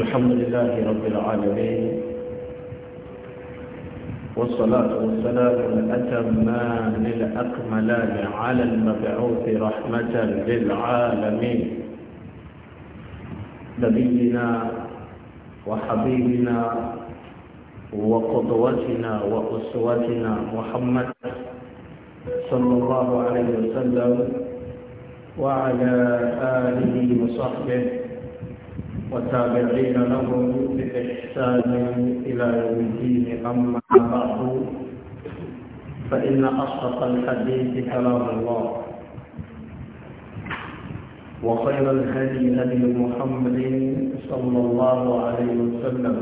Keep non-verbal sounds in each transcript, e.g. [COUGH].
الحمد لله رب العالمين والصلاة والسلام الأتمان الأكملان على المبعوث رحمة للعالمين نبينا وحبيبنا وقدوتنا وأسوتنا محمد صلى الله عليه وسلم وعلى آله وصحبه وتابعين لهم بإحسان إلى يوم الدين أما بعد فإن أصدق الحديث كلام الله وخير الهدي هدي محمد صلى الله عليه وسلم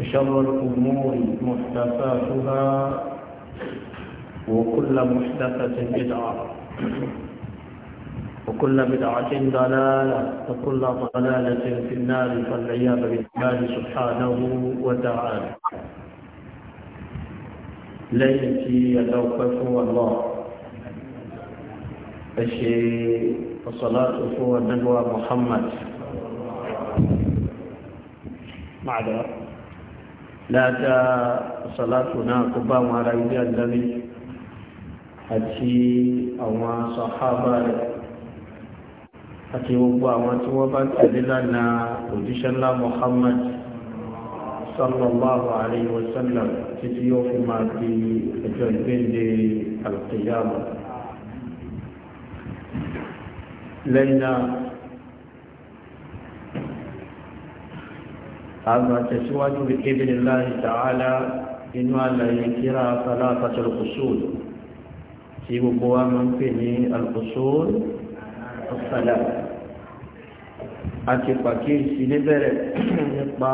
وشر الأمور محدثاتها وكل محدثة بدعة وكل بدعة ضلالة وكل ضلالة في النار فالعياذ بالله سبحانه وتعالى ليلتي يتوقف الله أشي والصلاة هو النبوة محمد معذرة لا تا صلاتنا قبام مع يد النبي أتي أو ما صحابه àti gbogbo àwọn tí wọ́n bá tẹ̀lé lánàá òjíṣẹ́ ńlá Muhammad sallallahu alayhi wa sallam títí yóò fi máa fi ẹjọ́ ìgbéǹde alqiyama lẹ́yìn náà àgbà tẹ̀síwájú bí kébìlì láì ta'ala inú àlàyé kíra salatatul usul tí gbogbo wa máa ń pè ní ọ̀sàlẹ̀ àti pàkíyèsí níbẹ̀rẹ̀ nípa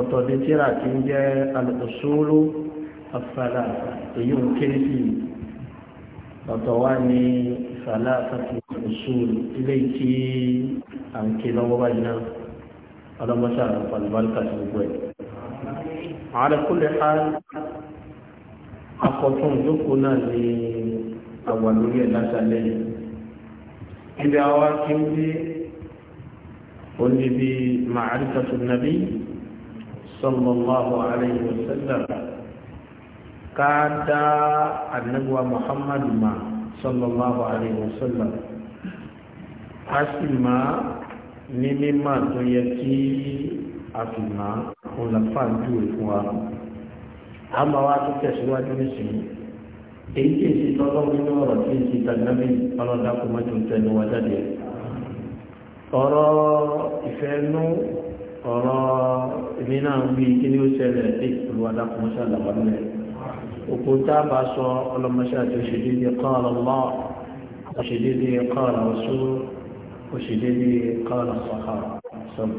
ọ̀tọ̀ ní tíra tí ń jẹ́ alùpùsùlù ọ̀sàlẹ̀ èyí ń kéré sí ọ̀tọ̀ wá ní ìsàlẹ̀ àti ìsùlù ilé tí à ń ké lọ́wọ́ báyìí náà ọlọ́mọṣà àlùbáríkà sí gbogbo ẹ̀. على كل akọ̀tún ìjókòó náà ní àwàlórí ẹ̀ lásàlẹ̀ yìí ibi àwa kí ń dé oníbi ma'arifatu nabi sallallahu alayhi wa sallam ká dá annabuwa muhammadu ma sallallahu alayhi wa sallam a sì máa ní mímọ̀ tó yẹ kí a fi máa òun làfáà jù fún wa a máa wá èyí tí èsì tọ́lọ́ nínú ọ̀rọ̀ tí èsì tàgbàmí ọlọ́dà kò má tó tẹnu wá jáde ọ̀rọ̀ ìfẹ́nú ọ̀rọ̀ èmi náà ń bí kí ni ó ṣẹlẹ̀ tí olùwádà kò má ṣàlàwà nílẹ̀ òkú bá sọ ọlọ́mọṣẹ́ àti òṣèlédè qala Allah òṣèlédè qala Rasul òṣèlédè qala sahaba sọ́mù.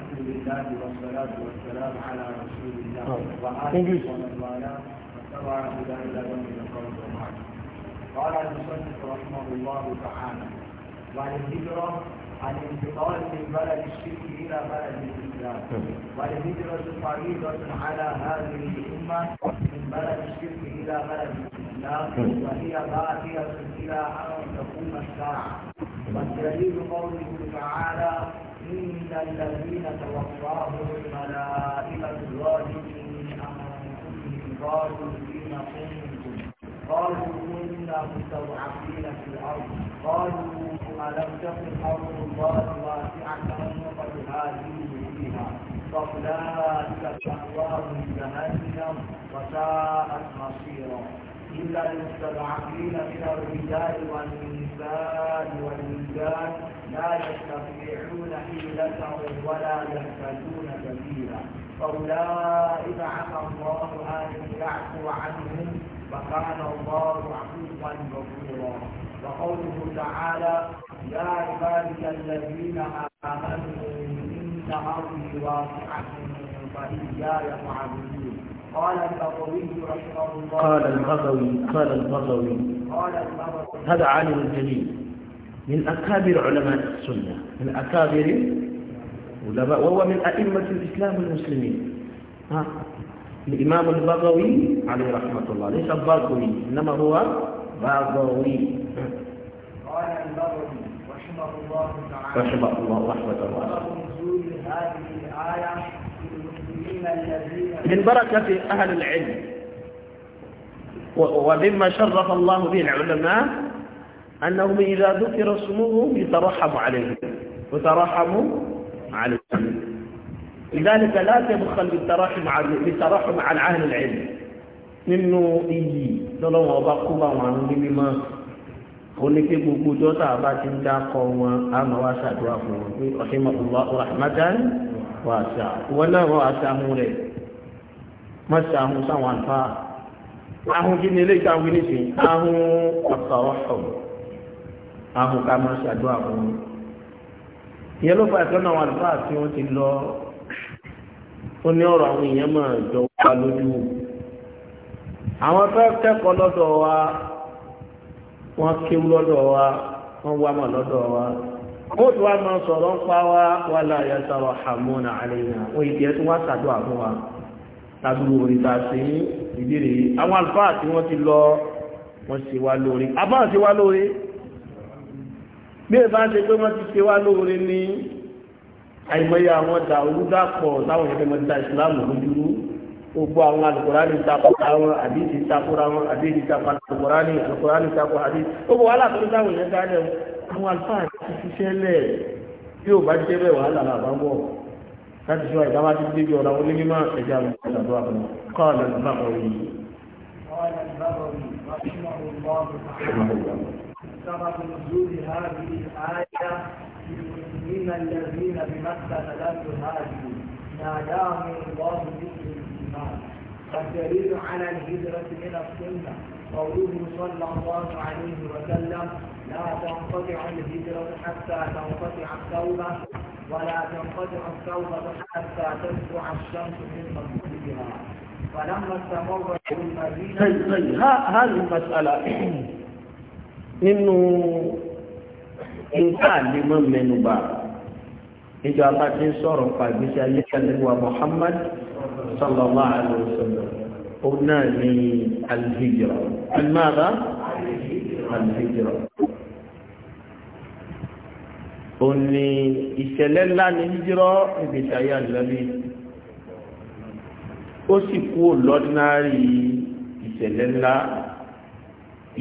Alhamdulillah ah. wa salatu wa salam قال المصنف رحمه الله تعالى والهجرة انتقال من بلد الشرك إلى بلد الإسلام والهجرة فريضة على هذه الأمة من بلد الشرك إلى بلد الإسلام وهي باقية إلى أن تقوم الساعة والدليل قوله تعالى إن الذين توفاهم الملائكة ظالمين قالوا فيما كنتم قالوا كنا مستضعفين في الارض قالوا الم تكن ارض الله واسعه قد هاجروا فيها فاولئك شهوات جهنم وساءت مصيرا إلا المستضعفين من الرجال والنساء والولدان لا يستطيعون حيلتهم ولا يهتدون كثيرا فأولئك عفى الله أن يعفو عنهم وكان الله عفوا غفورا وقوله تعالى يا عبادي الذين آمنوا إن أرضي واسعة فإياي فاعبدون قال البغوي رحمه الله قال البغوي قال البغوي قال البغوي هذا عالم جليل من أكابر علماء السنة من أكابر علماء وهو من أئمة الإسلام المسلمين ها الإمام البغوي عليه رحمة الله ليس البغوي إنما هو بغوي قال البغوي رحمه الله تعالى رحمه الله رحمة الله نزول هذه الآية من بركة أهل العلم ومما شرف الله به العلماء أنهم إذا ذكر اسمهم يترحموا عليهم وترحموا عليهم لذلك لا تبخل بالترحم على بالترحم على أهل العلم nínú iyì tọ́lọ́wọ́ ọba kó bá wọn ní mímọ́ oníke gbogbo dọ́tà bá ti ń dákọ̀ wọn àmọ́ wá ṣàdúrà fún wọn pé wà ṣá ìwọ náà wọ́n aṣáhùn rẹ̀ má ṣáhùn sáwọn àǹfà ahùn kí ni ilé ìtàwé nìsín ahùn ọ̀sọ̀rọ̀sọ̀ ahùn ká má ṣàdúrà fún un ìyẹn ló fa ìtọ́nà àwọn àlùfáà tí wọ́n ti lọ ó ní ọ̀rọ̀ àwọn èèyàn máa jọ wá lójú àwọn fẹ́ kẹ́kọ̀ọ́ lọ́dọ̀ wa wọ́n kéwú lọ́dọ̀ wa wọ́n wá mọ̀ lọ́dọ̀ wa ó ti wá máa sọ̀rọ̀ ń pa wá wà láàyè sáwà hàmúnà àlẹ́yìn àwọn ìdí ẹ̀ tó wá sàdúrà fún wa tàbí orí ta sí ìdíre àwọn àlùfáà tí wọ́n ti lọ wọ́n ṣe wá lóore abáà ṣe wá lóore bí ẹ bá ṣe pé wọ́n ti ṣe wá lóore ní àìmọye àwọn ọjà olùdàpọ̀ táwọn ìfẹ́ mọ́ ta ìsìláàmù lójúrú gbogbo àwọn alùkùránì takọ̀ta wọn àdéhìí takọ̀ra wọn àdéhìí takọ̀ra wọn àdéhìí takọ̀ra wọn àdéhìí takọ̀ra wọn àdéhìí àwọn àlùfáà ti fi ṣe lẹ̀ bí ò bá jẹ́ bẹ́ẹ̀ wàhálà làbá ń bọ̀ láti ṣe ìdáwà ti gbé bí ọ̀rọ̀ àwọn onímọ̀ ẹ̀jẹ̀ àwọn ìṣàdúrà fún un kọ́ ọ̀nà ìgbà ọ̀rọ̀ yìí. سبب على الهجرة من السنة قوله صلى الله عليه وسلم لا تنقطع الهجرة حتى تنقطع التوبة ولا تنقطع التوبة حتى تطلع الشمس من مغربها فلما استمر في المدينة طيب طيب هذه المسألة إنه إنسان لمن من بعض ìjọ apá ti ń sọ̀rọ̀ pa صلى الله عليه وسلم sallallahu alayhi wa sallam الهجرة náà òun ni ìṣẹ̀lẹ̀ ńlá ní hijirọ́ ìgbésí ayé àdìlẹ́bí ó sì kú lọ́dínárì ìṣẹ̀lẹ̀ ńlá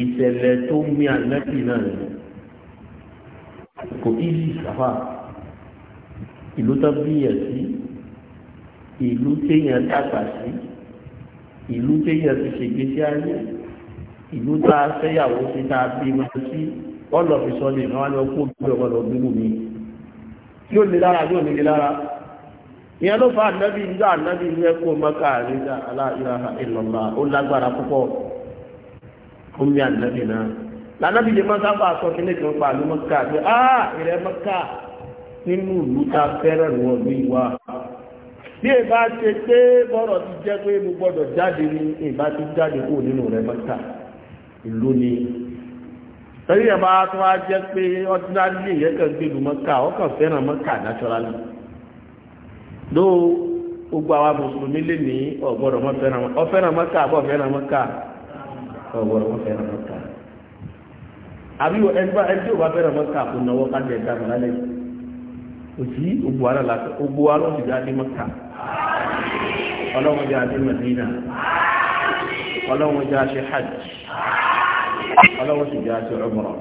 ìṣẹ̀lẹ̀ tó mí àlẹ́bí náà rẹ̀ kò ízì sáfà ìlú tó bíyàn sí ìlú téèyàn dàgbà sí ìlú téèyàn ti ṣègbésí ayé ìlú tá a fẹ́yàwó sí tá a bímọ sí wọ́n lọ fi sọ lè náà lọ kó ojú ọmọ lọ bínú mi yóò ní lára yóò ní lára ìyẹn ló fa ànábì nígbà ànábì ní ẹkọ mọ́ká àríga aláìláha ìlọ́lá ó lágbára púpọ̀ ó mi ànábì náà lànàbì lè má sábà sọ kí ní kí n pa àlú mọ́ká pé á ah, ìrẹ́ mọ́ká nínú ìlú ta fẹ́rẹ̀ wọn bí wá bí ẹ ṣe pé bọ́rọ̀ ti jẹ́ pé mo gbọ́dọ̀ jáde ní ìbá ti jáde kó nínú rẹ̀ mọ́ká ìlú ni torí ẹ̀ bá tó wá jẹ́ pé ọdúnládé yẹn kàn gbèlú mọ́kà ó kàn fẹ́ràn mọ́kà naturally ló gbogbo àwa mùsùlùmí lè ní ọ̀gbọ́dọ̀ mọ́ fẹ́ràn mọ́kà ọ̀fẹ́ràn mọ́kà àbọ̀ fẹ́ràn mọ́kà ọ̀gbọ́dọ̀ mọ́ fẹ́ràn mọ́kà àbí ẹgbẹ́ ẹni tí ò bá fẹ́ràn mọ́kà kò náwó ká jẹ ìdáhùn lálẹ́ òsì gbogbo ara la gbogbo wa ló ti dá ọlọ́run jẹ́ adé Mẹ́dínà ọlọ́run jẹ́ aṣẹ́ hajj ọlọ́wọ́ sì já sí ọmọrọ.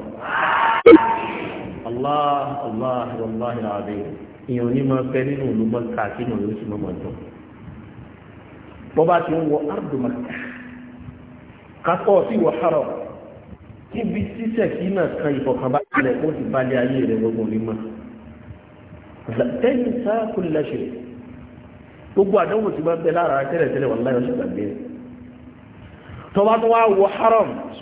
allah allah allah rabi ìyẹn ní máa fẹ́ nínú ìlú mọ́ta kí ni òun sì máa máa dùn. ti ń wọ ardùmọ̀ká kápọ̀ sí wọ harọ níbi títẹ̀ kí náà kan ìfọ̀kànbalẹ̀ ó ti balẹ̀ ayé rẹ̀ gbogbo onímọ̀. tẹ́yìn sáà kò gbogbo àdánwò tí bá bẹ lára tẹ́lẹ̀tẹ́lẹ̀ wà láyọ̀ sí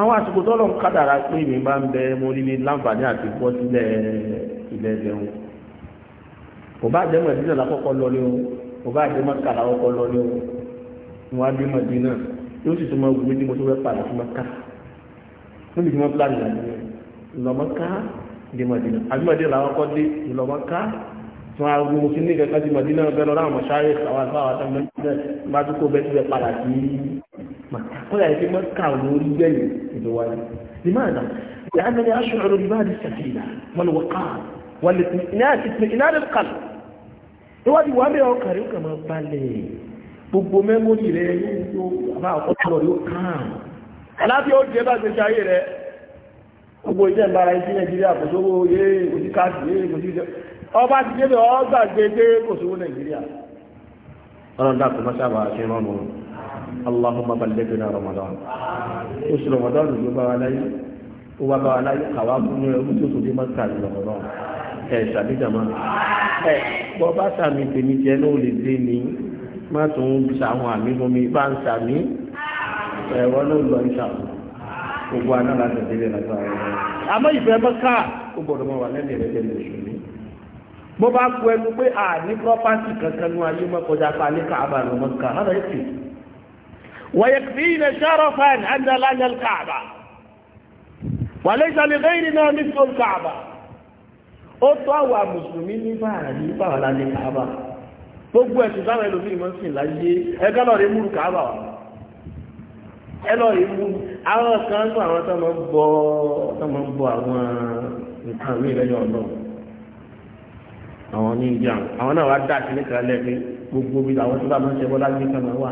àwọn àsìkò tọ́lọ̀ ń kádàrá pé mi máa ń bẹ mo rí ní láǹfààní àti bọ́ sílẹ̀ ilẹ̀ ẹ̀dẹ̀hùn kò bá jẹ́ mọ̀dínà lákọ́kọ́ lọ ní o kò bá jẹ́ mọ̀ká lákọ́kọ́ lọ ní o wọn á dé mọ̀dínà yóò sì tún máa wù mí ní mo tó fẹ́ padà sí mọ̀ká níbi tí wọ́n pílánì láti lọ́mọ́ká dé mọ̀dínà àbí mọ̀dínà lákọ́kọ́ dé lọ́mọ́ká tún á wo kí ní kẹ́kẹ́ sí mọ̀dínà bẹ́ẹ̀ lọ́rọ̀ àwọn mọ̀ṣáyé àwọn àlùfáà àwọn àtàwọn mẹ́tẹ́ kọ́lá yìí fi mọ́ ká lórí gbẹ̀yìn ìdọ̀wáyé limaada lẹ́yìn aṣọ́rọ̀ ìbáàdì sàfihà wọn wọ ká wọn lè tún iná rẹ̀ kà lọ. níwájú wà bẹ́ẹ̀ ọkàn rẹ̀ ó kà máa balẹ̀ gbogbo mẹ́mórì rẹ̀ yóò bá ọkọ̀ rẹ̀ ó kà àlàáfíà ó jẹ́ bá gbèsè ayé rẹ̀ gbogbo iṣẹ́ ìbára iṣẹ́ nàìjíríà kò sówó yé kò sí káàsì yé kò sí iṣẹ́ ọba ti débẹ̀ ọgbàgbé pé kò sówó nàìjíríà. ọlọ́dà kò má sábà ṣe rán اللهم بلغنا رمضان oṣù rọmọdọ́n ló bá wa láyé ó bá bá wa láyé àwa fún ẹ ojú tó fi máa ń kà ní rọmọdọ́n ẹ ṣàbíjàmá ẹ bọ́ bá sàmì tèmi jẹ́ náà ó lè dé ní má tún sàwọn àmì fún mi bá ń sàmì ẹ̀rọ náà lọ ìṣàkóso gbogbo aná láti ìdílé lágbára rẹ àmọ́ ìfẹ́ bá ká ó gbọ́dọ̀ máa wà lẹ́nu ẹ̀rẹ́ tẹ̀lé oṣù mi bó bá ku ẹnu pé àní pọ́pátì kankan ní ayé mọ́kọjá pa ní káàbà lọ́mọ́ká hàn ويكفينا شرفا أن لنا الكعبة وليس لغيرنا مثل الكعبة أطوى مسلمين فهذه فهلا الكعبة gbogbo ẹ̀sùn táwọn ẹlòmíì mọ́ sí láyé ẹgbẹ́ lọ rí múrù kàábà wà ẹ lọ rí múrù àwọn kan tó àwọn tó máa ń bọ tó máa ń bọ àwọn nǹkan mi lẹ́yìn ọ̀nà àwọn ní àwọn náà wá dá sí níkàlẹ́ pé gbogbo bí àwọn tó bá máa ń ṣe bọ́lá gbé kan wà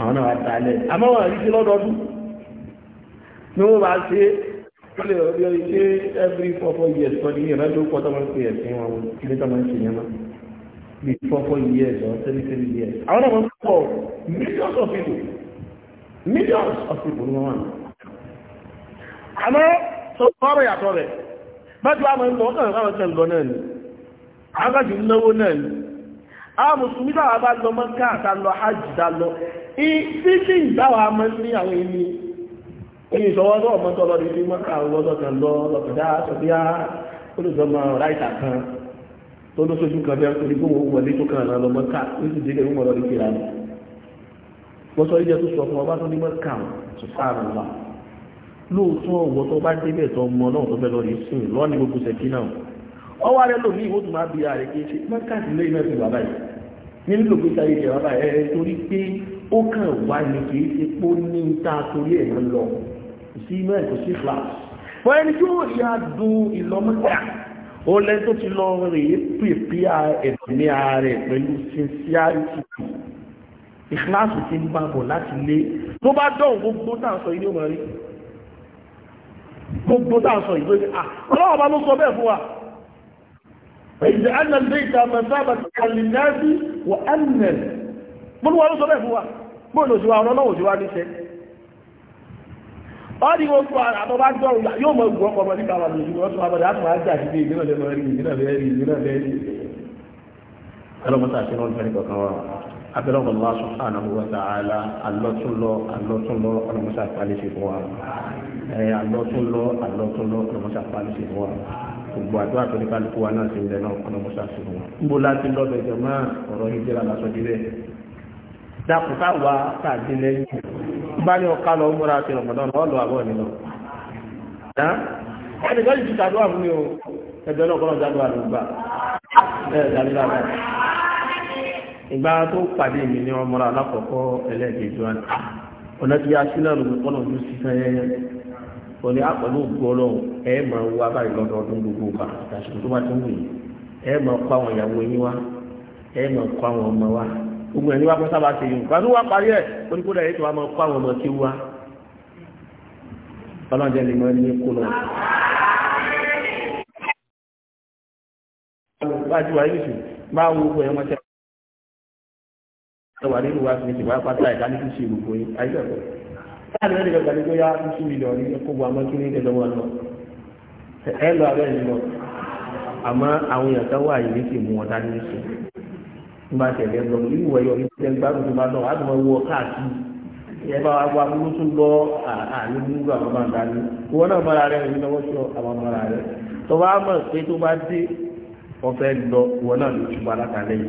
àwọn náà dalẹ̀ àmọ́wọ̀n àríkí lọ́dọọdún ní wọ́n bá ṣe ó lè rí ṣe every four four years kan ní ìrẹ́jọ pọ̀ tó máa ń pè ẹ̀sìn wọn kí ní tó máa ń ṣe yẹn mọ́ bí four four years or three three years àwọn náà wọ́n pọ̀ millions of people millions of people ní wọ́n wà. àmọ́ tó kọ́rọ̀ yàtọ̀ rẹ̀ bá ti wá máa ń lọ ọkàn ìrọ̀lẹ́ a mùsùlùmí dáwà bá lọ mọ́ká àtàlọ àjìdálọ ìfíkì ìdáwà mọ́ ní àwọn ẹni ní ìṣọwọ́sọ́ ọmọtọ́ lọ nílé mọ́ká ọlọ́dọ̀ kan lọ lọ́pẹ̀dá sọ́bíá olùsọmọ ráìtà kan tó ló sójú kan bẹ́ẹ̀ torí gbóhùn owó wọlé tó kàn lọ mọ́ká ó sì dé kẹ́kọ̀ọ́ lọ nílé rẹ̀ wọ́n sọ ilé tó sọ fún ọba tó ní mọ́ká sùpáàrùn wa lóòótọ́ ọ̀wọ́ tó bá débẹ̀ tó mọ náà tó fẹ́ lọ rí sìn lọ́ọ́ gbogbo sẹ́kí ọwọ́ rẹ lòmí ìwọ́n tó máa bí ààrẹ kí ṣe mọ́kàtí lé iná sí bàbá yìí nínú lòpé sáyé jẹ bàbá ẹ torí pé ó kàn wá ní kì í ṣe pó ní ta torí ẹ̀ ń lọ kò sí iná kò sí flaps wọ́n ẹni tí ó rí adùn ìlọmọ́tà ó lẹ́ tó ti lọ rèé pèpè ẹ̀mí ààrẹ pẹ̀lú sincerity ìkíláàsì ti ń gbàgbọ́ láti lé tó bá dọ̀hùn gbogbo tá à ń sọ ilé ah, ọmọ فإذا أن البيت مثابة للناس وأمنا من هو رسول الله bóò lò síwá ọ̀rọ̀ lọ́wọ́ síwá níṣẹ́ ọ́dí gbogbo àtọ́bá jọrù yóò mọ̀ ìgbọ́ ọmọ nípa wà lójú wọ́n tún abọ́dá àtún ajá sí ilé náà lẹ́nu rí ìlú náà lẹ́rí ìlú náà lẹ́rí ẹlọ́mọta àti ọlọ́mọta nípa kan wà abẹ́rẹ́ ọmọ lọ́wọ́ subhanahu wa ta'ala alọ́túnlọ alọ́túnlọ ọlọ́mọta àpálẹ́sẹ̀ fún wa alọ́túnlọ alọ́túnlọ ọlọ́mọta àpálẹ́sẹ̀ fún wa gbogbo àdúrà tó ní kálukú wa náà ti ń bẹ náà kọ́nà mọ́ṣá sí wọn. ń bo láti lọ́bẹ̀ jọ máa ọ̀rọ̀ ìjẹ́ra lásán díbẹ̀. dákun táwa tàbí lẹ́yìn bá ní ọ̀ká lọ múra sí ọ̀pọ̀dọ́ náà lọ àbọ̀ nínú. ẹnì kan yìí ti tàdúrà fún mi o ẹgbẹ́ náà kọ́nà jáde àlọ́ gbà ẹ̀ dàbí lára. ìgbà tó pàdé mi ní ọmọ wọ́n ní àpọ̀lú òkú ọlọ́run ẹ máa wá báyìí lọ́dọọdún gbogbo bá àtàṣe tó bá tó wù yìí ẹ máa kọ́ àwọn ìyàwó yín wá ẹ máa kọ́ àwọn ọmọ wa gbogbo ẹni wá kó sábà ṣe yìí nǹkan wá parí ẹ̀ ó ní kó dà yìí tó wá máa kọ́ àwọn ọmọ tí wá ọlọ́jẹ́ lè mọ ẹni kó lọ. wájú wa yìí sùn wo gbogbo ẹ̀ wọ́n wà nínú wa fi ṣèwà pátá ìdánilẹ́sìn láàrin ẹ̀rẹ́ ìjọba ní bóyá two million ní kógbó àmọ́ kí ní ìdẹ̀ lọ́wọ́ lọ ẹ lọ abẹ́ ẹ̀ lọ àmọ́ àwọn èèyàn tó wà yìí sì mú wọn dání ní sùn nígbà tẹ̀lé lọ irú ẹ̀yọ ní tẹ̀ gbádùn tó bá lọ á dùn wọ káàkiri ẹ bá wa wá mú tún lọ àní múlò àwọn máa dání ìwọ náà mọ́ra rẹ̀ ní lọ́wọ́ sọ àwọn mọ́ra rẹ̀ tó bá mọ̀ pé tó bá dé wọ́n lọ ìwọ náà ló tún bá látàlẹ́yìn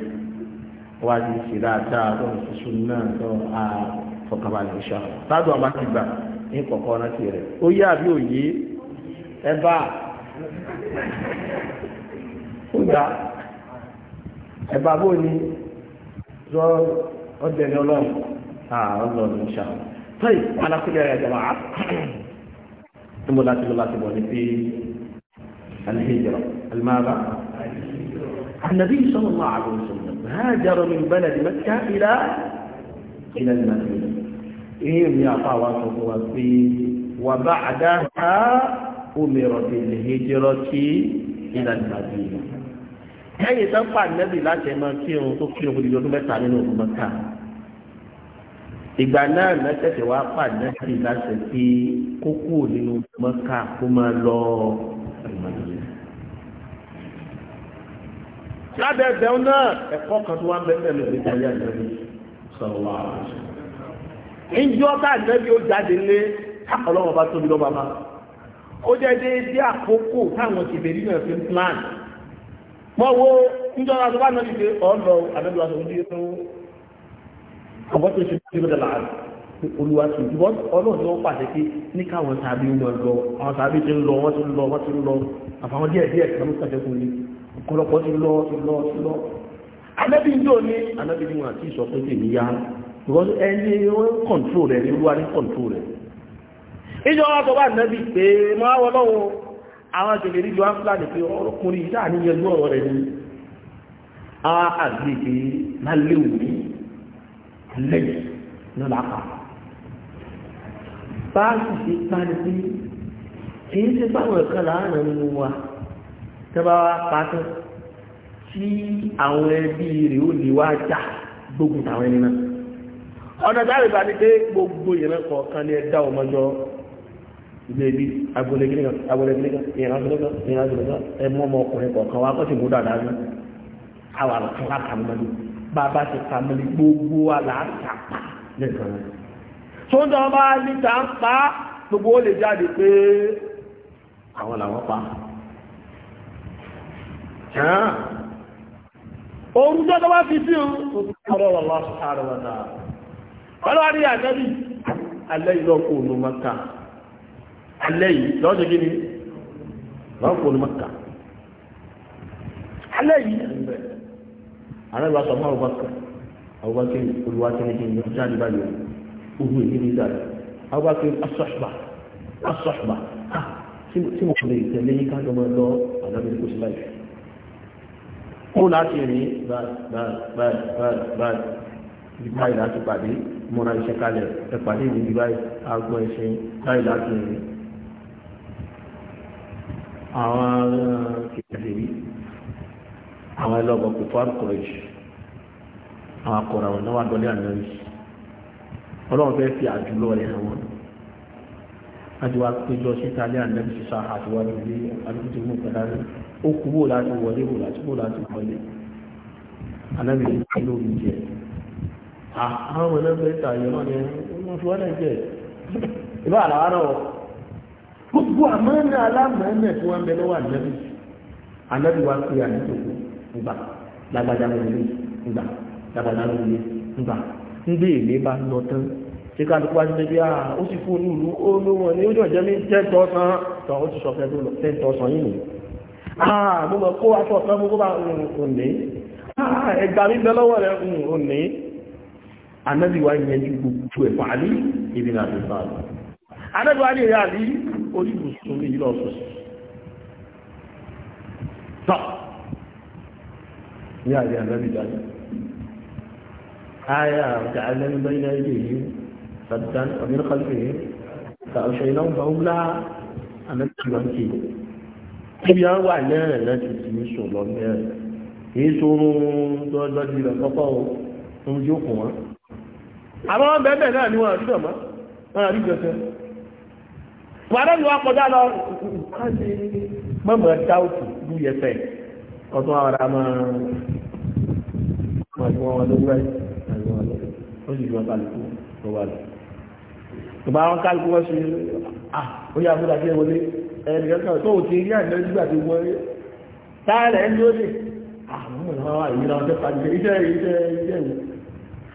wọ́n á ti ṣe dáadáa lọ́wọ́ fọkànbalẹ̀ ìṣá tádùn àbá ti gbà ní kọ̀ọ̀kan rántí rẹ̀ ó yé àbí òye ẹ bá ó dá ẹ bá bó ni kookan ti ọdẹni ọlọ́run ọlọ́run ìṣá tọ́yì alákùnrin ẹ̀rẹ̀ jọba á níbo láti lọ mo lati bọ̀ ní pé alihijira alimaba anabi sọlọ lọ àlọ sọlọ hajara min balẹ̀ mẹ́ta ìlà ìlà ìlà ìlà. èèmì àfàwà sọ fún wa pé wà bá àdáhà omèrọ̀dì lè hejìrọ̀ sí ìlànà Madina ẹ̀yìn tó pa nẹ́bì láti ẹ̀mọ kírun tó kírun fún ìdíjọ́dún mẹ́ta nínú òkú mẹ́ta ìgbà náà lẹ́sẹ̀sẹ̀ wá pa nẹ́bì láti pé kókó nínú mẹ́ka kó máa lọ Madina. lábẹ́ ẹ̀bẹ̀ náà ẹ̀kọ́ kan tó wá ń bẹ́ẹ̀ bẹ́ẹ̀ lórí àjọyọ̀ sọ̀rọ̀ wà ìjọ tá ànábì ó jáde lé ọlọ́wọ́n bá tóbi lọ́ba máa ó jẹ́ déédé àkókò táwọn kìbèrè náà fi ń plan mọ́ wo ìjọ náà tó bá náà dìde ọ̀lọ́ ànábì wa sọ̀rọ̀ díẹ̀ fún ọgbọ́n tó ṣe olúwa ọlọ́run tí wọ́n pàṣẹ pé ní káwọn ń lọ àwọn ti ń lọ wọ́n ti ń lọ wọ́n ti ń lọ àfàwọn díẹ̀ díẹ̀ because ẹni wọ́n ń control rẹ̀ ní wọ́n ní control rẹ̀ ìjọ wọn tó bá nẹ́bí pé mọ́ àwọn ọlọ́wọ́ àwọn kèlè rí joan fúlàní pé ọkùnrin ìṣá ní yẹjú ọ̀rọ̀ rẹ̀ ní àwọn àgbègbè lálẹ́ òní lẹ́yìn ní lápá bá sì ṣe parí sí kì í ṣe báwọn ẹ̀ka láàárín nínú wa tẹ́ bá wá pátá tí àwọn ẹbí rẹ̀ ó lè wá jà gbógun tàwọn ẹni náà ọ̀nà táwọn ìgbà ní pé gbogbo ìran kọ̀ọ̀kan ní ẹ̀dá ọmọjọ́ ilé ibi agbolegiriga agbolegiriga ìrànlọ́gọ́ ìrànlọ́gọ́ ẹ̀mọ́ ọmọ ọkùnrin kọ̀ọ̀kan wa kọ́ sì gbọ́dọ̀ àdáyé àwọn àlùkò lákàmúlẹ́lú bàbá ti kàmúlẹ́ gbogbo àlàáfíà nìkan rẹ̀. tó ń dán bá níta ń pa gbogbo ó lè jáde pé àwọn làwọn pa. òun tó tó bá fi sí òun. ọ̀rọ̀ wà lọ́sọ̀rọ̀ ọlọ́rí ànábì alẹ́ yìí lọ́kọ̀ ònú maka alẹ́ yìí lọ́jọ́ gíní lọ́kọ̀ ònú maka alẹ́ yìí anábì wa sọ fún Abubakar Abubakar olùwàkiri kí n yọ jáde báyìí ogun èyí ní ìdájọ Abubakar asọ́ṣùbà asọ́ṣùbà tí mo lè tẹ̀lé yín kájọ máa lọ kò sí láì kó láti rìn báyìí báyìí báyìí báyìí báyìí láti pàdé múra iṣẹ́ kalẹ̀ ẹ̀pàdé ìlú báyìí aago ẹ̀ṣẹ̀ báyìí láti rìn àwọn kìtìrì àwọn ẹlọ́gbọ̀n kò fọ́ àkùrẹ́jì àwọn akọ̀rọ̀ àwọn náwà dọ́lé ànáyì ọlọ́run fẹ́ fi àjùlọ rẹ̀ hàn wọn láti wá péjọ síta lé ànáyì sísá àti wá nílé alùpùpù mú pẹ̀lá rẹ̀ ó kú bò láti wọlé bò láti bò láti wọlé ànáyì kí ló ń jẹ Ah. àwọn ọmọ ẹlẹ́gbẹ́ ìtàyẹ̀ náà ni wọ́n fi wọ́n náà jẹ́ ìbá àlàwà náà gbogbo àmọ́nà alámọ̀ẹ́mẹ̀ tí wọ́n ń bẹ lọ́wọ́ ànábì ànábì wa pé àníjòkó ńgbà lágbàdá lórí ńgbà lágbàdá lórí ńgbà ńgbé èlé bá lọ tán tí ká lùkú wájú débi àà ah, ó sì fún olúùlú olówó ni ó jọ jẹ́ ní tẹ́tọ́sán tán ó ti sọ fẹ́ tó lọ tẹ́tọ́sán yìí Ah, àà mo mọ̀ kó aṣọ kan mo kó bá òní ah, ẹgbàá mi bẹ lọ́wọ́ rẹ̀ òní anábì wá yẹn ju gbogbo ẹ̀ fún àlí ibi náà ti bá lọ anábì wá lè rí àlí oníbùsùn mi lọ sọ sí tọ́ ní àlè anábì dájú آية جعلنا من بين أيديهم سدا ومن خلفهم فأغشيناهم فهم لها أملك وأنكي níbi àwọn wà náà láti ti ní sùn lọ mẹ́rin kì í sọ̀rọ̀ tó ọjọ́ ìrẹ̀ pápá o ń jókòó wọn àwọn ọmọ bẹ́ẹ̀ náà ni wọ́n àrídọ̀ mọ́ wọ́n àrídọ̀ tẹ́ wàdé ni wọ́n kọjá lọ káàdì mọ́mọ́ dáwùtù ló yẹ fẹ́ ọdún àwọn ará máa wọ́n ti wọ́n wọn lórí rẹ̀ ó sì fi wọn kálukú tó wà lọ. ìgbà wọn kálukú wọn ṣe ah ó yà fún dàbí ẹwọlé ẹnì kankan tó ò ti rí àná nígbà tó wọlé táyà lẹ́yìn ló dé àwọn ọmọ náà wà ìyíra ọjọ́ pàdé iṣẹ́ iṣẹ́ iṣẹ́ ìwé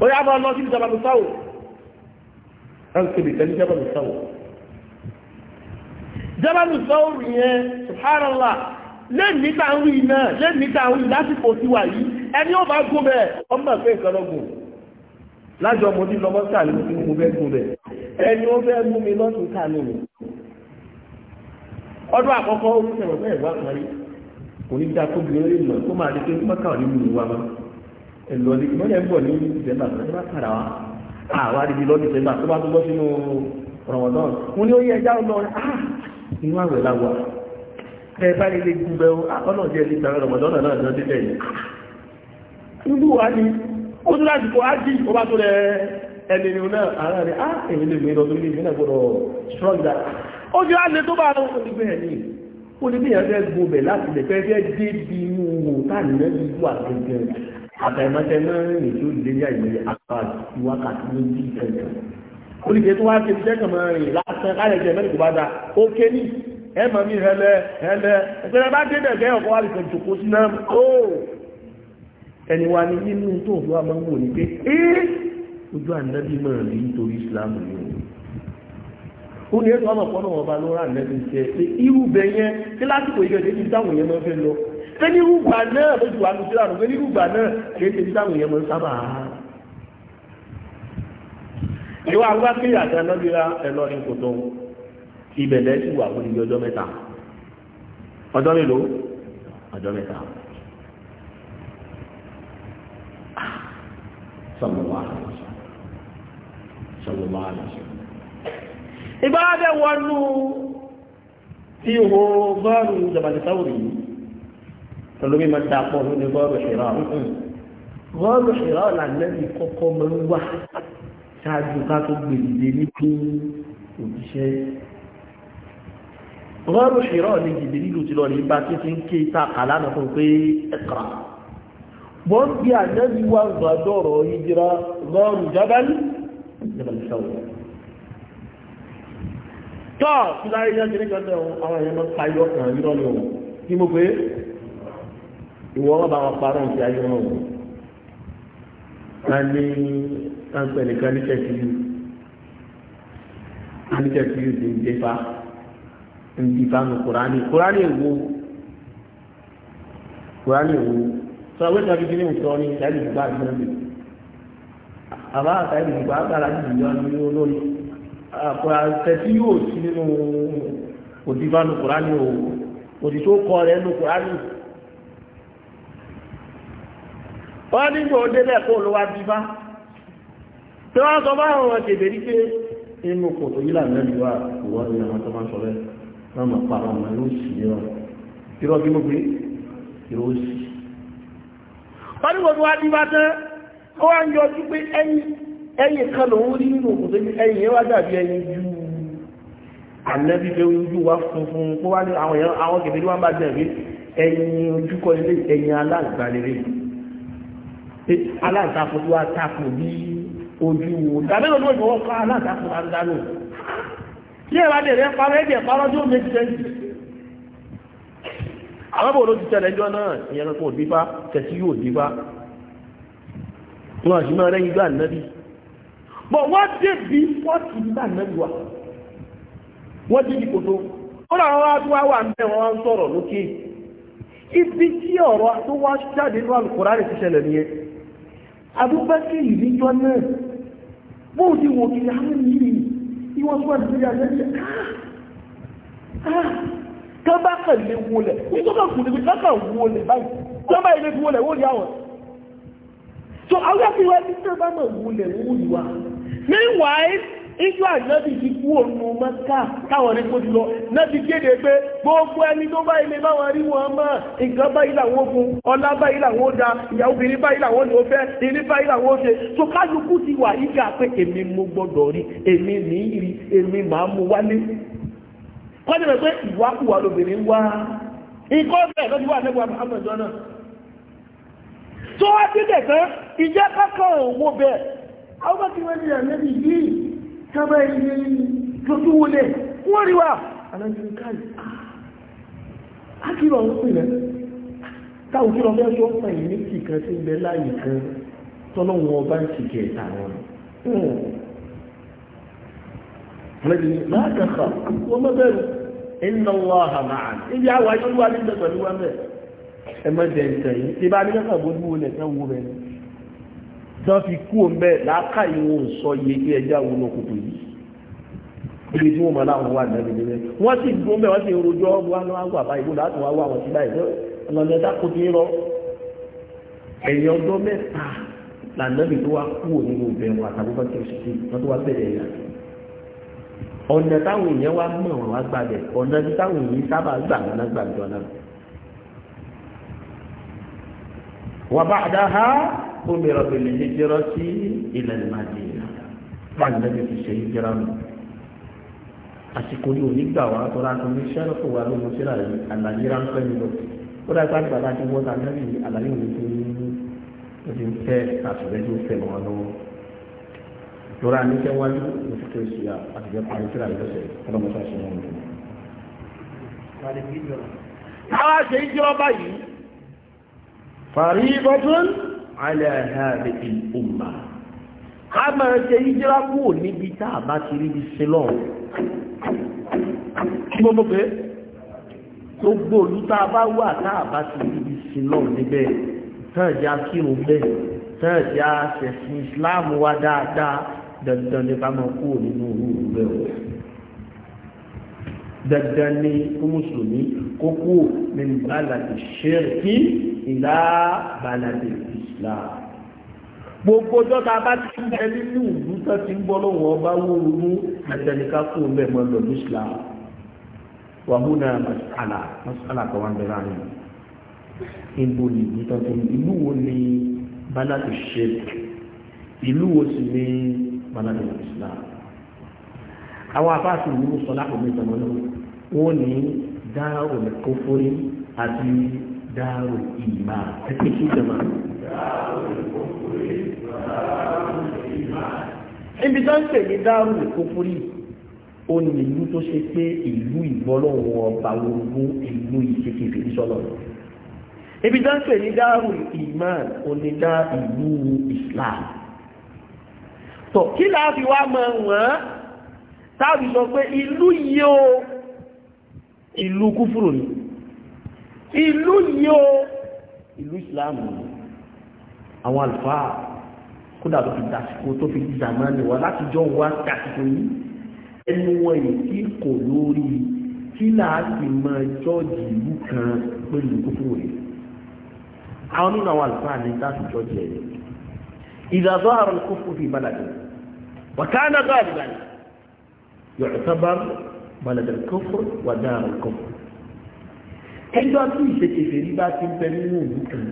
ó yá máa lọ sí ìjọba mi sáwò ẹ̀ ń tóbi pẹ̀lú ìjọba mi sáwò ìjọba mi sáwò yẹn subhanallah lẹ́yìn níta ń rí iná lẹ́yìn níta ń rí lásìkò tí wà yìí ẹni ó bá gún bẹ́ẹ̀ ọmọ ẹ̀fẹ́ ìkọlọ́gùn lájọ mo ní lọ́mọ́ sàlẹ̀ mo ti mú fẹ́ gún bẹ́ẹ̀ ẹni ó fẹ́ mú mi lọ́sùn sàlẹ̀ mi ọdún àkọ́kọ́ orúkọ ẹ̀rọ bẹ́ẹ̀ wá parí kò ní èlò ní ìmọ̀lẹ̀ ń bọ̀ ní ìdẹ́gbà tó bá kàrà wá àwa rí lọ́dún ìdẹ́gbà tó bá tó bọ́ sínú rọ̀mọ̀dán wọn ni ó yẹ ẹja lọ inú àwẹ̀ la wà ẹ bá ní ilé gbúgbẹ ọ̀nà jẹ́ ti tàwọn rọ̀mọ̀dán náà náà délẹ̀ yìí irú wa ni ó tún láti kó ájì ó bá tó lẹ ẹni ni náà ara rẹ̀ á èmi lè mi lọ́dún ilé náà gbọ́dọ̀ strong that ó ti láti tó bá lọ sí bẹ́ẹ̀ ni ó ní bí yẹn fẹ́ gbobẹ̀ láti lè fẹ́ fẹ́ dé bí inú wò táà nìyẹn ti wà gẹ́gẹ́ àtẹ̀mọ́tẹ́ mẹ́rin tí ó lè yà ìwé àpàtì wákàtí méjì ìtẹ̀jẹ̀ olùgbé tó wá ṣe iṣẹ́ kan mẹ́rin lásán káyọ̀ jẹ́ mẹ́rin tó bá dá ó ké ní ẹ̀mọ̀ mi hẹlẹ hẹlẹ ìpínlẹ̀ bá dé bẹ̀gẹ́ ọkọ̀ wálé kan sí náà ó ẹni wa ni nínú tó fi wá máa ń wò ní pé ee ojú Islam ni ó ní ètò ọmọ pọ́nà ọba ló rà nẹ́bí iṣẹ́ irú bẹ̀yẹn kí lásìkò ìgbẹ̀dẹ́ ti dáhùn yẹn pé nírúgbà náà lójú wa lójú àrùn pé nírúgbà náà kìí ṣe sáwọn èèyàn mọ́ sábà ìwà wá pé àtẹnudíra ẹlọ ní kòtò ìbẹ̀lẹ̀ sì wà fún ibi ọjọ́ mẹ́ta ọjọ́ mélòó ọjọ́ mẹ́ta sọlọ́wọ́ àlọ́sọ sọlọ́wọ́ àlọ́sọ. ìgbà wà bẹ́ẹ̀ ihò bọ́ọ̀lù jàbàlẹ̀ sáwòrì yìí tọ́lómi máa da pọ̀ ní gọ́ọ̀rù ṣìrọ̀ gọ́ọ̀rù ṣìrọ̀ lànàbí kọ́kọ́ máa ń wà ṣáájú ká tó gbèdìde ní pé òjíṣẹ́ gọ́ọ̀rù ṣìrọ̀ ní jìbì nílùú ti lọ ní bá tí ti ń ké ta kàlá náà fún pé ẹ̀kọ́ wọ́n bí ànábì wà gbàdọ̀rọ̀ ìdíra gọ́ọ̀rù jábálì jábálì sáwọ̀ tọ́ fúláyé jáde nígbàdọ̀ àwọn èèyàn máa ń pa irọ́ kan irọ́ ni òun kí mo pé ìwọ wọn bá wọn parọ́ nǹkan ayé wọn wò ká ní káńpẹ́ nìkan ní kẹ́kì yìí ní kẹ́kì yìí ti ń dé fa ń di fa nù kúránì kúránì èwo kúránì èwo sọ wẹ́n tó a fi dín ní nǹkan ní sáyẹ́dì ìgbà àti náà bẹ̀rẹ̀ àbá àtàyè ìgbà àgbàlá ìjọ ní olórí àpò àṣẹ tí yóò sí nínú òdìbánu kúránì òwò òdì tó kọ rẹ nínú kúránì òwò. wọ́n nígbò délẹ̀ kó ló wá bí bá tí wọ́n sọ bá àwọn kèbè rí pé inú kò tó yílà mẹ́rin wà wọ́n ní àwọn tó máa sọ rẹ̀ wọ́n mọ̀ pa àwọn ọmọ ló sì yọ ìrọ̀ bí mo pé ìrọ̀ ó sì wọ́n nígbò tó wá bí bá tán ó wá ń yọjú pé ẹyìn kan lòun rí ànẹ́bí pé ojú wa funfun kó wá ní àwọn kèbè rí wọn bá jẹ́ ẹ̀yìn ojúkọ ilé ẹ̀yìn alágbàlérè aláǹtakò tó wá takò bí ojú wo tàbí ló lóyún wọn kọ aláǹtakò àdánù tí ẹ bá dẹrẹ parọ ẹgbẹ parọ tí ó méjì sẹyìn àwọn bò ló ti tẹlẹ ẹjọ náà ìyẹn kan kò dé bá tẹsí yóò dé bá wọn àti máa rẹyìn gbà nàbí wa wọn débi kòtò ó làwọn wá tó wá wà ń bẹ wọn wá ń sọ̀rọ̀ lókè ibi tí ọ̀rọ̀ tó wá jáde ní abúbákìrì níjọ́ náà bóò ti wò kìí àwọn yìí tí wọ́n gbọ́n sí ìyá lẹ́yìn kán bá kàn lè wọlẹ̀ nítorí kò lè kọ́kàn wọlẹ̀ báyìí kán bá ilé wọlẹ̀ wọ́n yà wọ́n so àwọn akíwá ní tẹ́ bá mọ̀ wọlẹ̀ wọ́n yìí wá meanwhile ìjọ ànábì ti kú ònà mọ́ká káwọn ní kójú lọ náà ti kéde pé gbogbo ẹni tó bá ilé báwọn rí wọn mọ́ nǹkan báyìí làwọn ogun ọlá báyìí làwọn ó da ìyàwó obìnrin báyìí làwọn ní ó fẹ́ ilé báyìí làwọn ó ṣe tó kálukú ti wà yíká pé èmi mo gbọ́dọ̀ rí èmi ní rí èmi máa mú wálé kọ́ni rẹ̀ pé ìwákùwà lóbìnrin wá nǹkan bẹ́ẹ̀ lọ́dún wà nígbà Muhammad jọ tó wá dídẹ̀ tán ìjẹ́ kákan òwò bẹ́ẹ̀ tábà ilé lójú wọlé wọ́n rí wà alájúkáì ákìlọ̀ ń pìlẹ̀ táwọn kí lọ bẹ́ẹ̀ tó pẹ̀ ní kìkan sí ilẹ̀ láyé kan tọ́nà wọn hmm. bá ń kìkẹ́ tàwọn lẹ́yìn máa kàkà wọ́n mọ́ bẹ̀rù iná wọ́n àmà àmì ibi àwọn ayélujára ní ìgbẹ̀gbẹ̀lú wọn bẹ̀ ẹ mọ́ jẹ́ ìtẹ̀yìn tí bá ní kàkà gbogbo ilẹ̀ tẹ́wọ́ bẹ̀rẹ̀ tí fi kú ọmọ ẹ̀ láàká sọ iye kí ẹjẹ́ àwọn olókùnkùn yìí ibi tí wọ́n mọ̀ láwọn wà nẹ́bí nílẹ̀ wọ́n sì rojọ́ wọn wá wà báyìí láti lọ ẹ̀yìn mẹ́ta tó wá kú nínú sí wọ́n tó wá bẹ̀rẹ̀ ọ̀nà táwọn èèyàn wá mọ̀ أمر بالهجرة إلى المدينة بعد ذلك الشيء جرامي àsìkò yóò nígbà wá tó rà tún ní sẹ́rọ̀fù wa ló mú síra yìí àlàyé ráńpẹ́ mi lọ ó dáa sáà gbàgbà tí wọ́n ta lẹ́yìn àlàyé òní tó ní ó ti ń fẹ́ àtúnbẹ́ tó fẹ́ wọn lọ́wọ́ lọ́ra ní wájú ní fi tó ṣe àtijọ́ parí síra yìí lọ́sẹ̀ ọlọ́mọṣá ṣe wọn lọ́wọ́. àwa ṣe ìjọba yìí. fàrí ala hadhihi al-ummah a máa ṣe ìjírá kúrò níbi tá a bá ti rí bí sílọ̀ gbogbo pé gbogbo olùtá bá wà tá a bá ti rí bí sílọ̀ níbẹ̀ tán ìjà kírun bẹ́ẹ̀ tán Islam wa dáadáa dandan ní ká máa kúrò nínú òwúrò bẹ́ẹ̀ dandan ni fún mùsùlùmí kó kú min baladi ṣẹ́ẹ̀kì ìlà baladi islam gbogbo ọjọ́ tá a bá ti ń bẹ nínú ìlú tó ti ń bọ́ lọ́wọ́ ọba wúru mú àtẹnika ń bẹ̀ mọ́ lọ ní islam wàhúnà masala masala kan wà ń bẹ láàrin ìlú ni ìlú wo ni baladi ṣẹ́ẹ̀kì ìlú wo sì ni baladi islam àwọn afáàfin ìlú sọlá kò ní ìtàn lọ́wọ́ wọ́n ní dáàrò kófórí àti dáàrò ìmà ẹ̀kẹ́ kí jẹma ibi tó ń pè ní dáàrò kófórí ó ní ìlú tó ṣe pé ìlú ìgbọ́lọ́wọ́ ọba ogun ìlú ìṣekèfè sọ́lọ́ ibi tó ń pè ní dáàrò ìmà onídá ìlú Islam tọ̀ kí láàfi wá mọ̀ wọ́n táàbí sọ pé ìlú yìí ó ìlú kúfùrù ni ìlú yìí o ìlú ìsìláàmù ni àwọn àlùfáà kódà tó fi dàsìkò tó fi di zamani wa láti jọ wá dàsìkò yìí ẹnu wọn yìí tí kò lórí tí láti mọ jọ́ọ̀jì ìlú kan pẹ̀lú kúfùrù ni àwọn nínú àwọn àlùfáà ní láti jọ́ọ̀jì ẹ̀yẹ ìdàdọ́ àrùn kúfùrù fi bàlàdé wàkánà gbàdúgbà yọ̀ọ̀tàbà baladal kufr wa darul kufr ẹjọ́ tí ìṣèkèfè rí bá ti ń bẹ nínú òun kan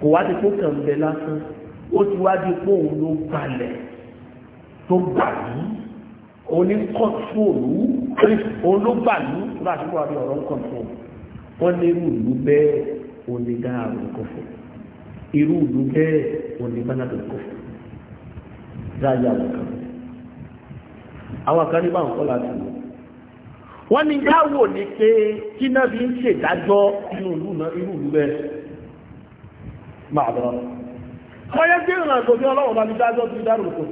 kò wá ti kó kàn bẹ lásán ó ti wá di pé òun ló gbalẹ̀ tó gbà ní òní kọ́ńtróòlù òun ló gbà ní nígbà tí wọ́n á rí ọ̀rọ̀ ń wọ́n ní irú ìlú bẹ́ẹ̀ òní darul kufr irú ìlú bẹ́ẹ̀ òní baladal kufr dáyà wọ̀ àwọn kan ní báwọn kọ́lá sí wọ́n ní dáwò ní pé kí náà bí ń ṣèdájọ́ inú ìlú náà irú ìlú bẹ́ẹ̀ máa bọ̀ ọyẹ́ tí ìrìn àjò bí ọlọ́wọ́ bá ní dájọ́ bí dárò kò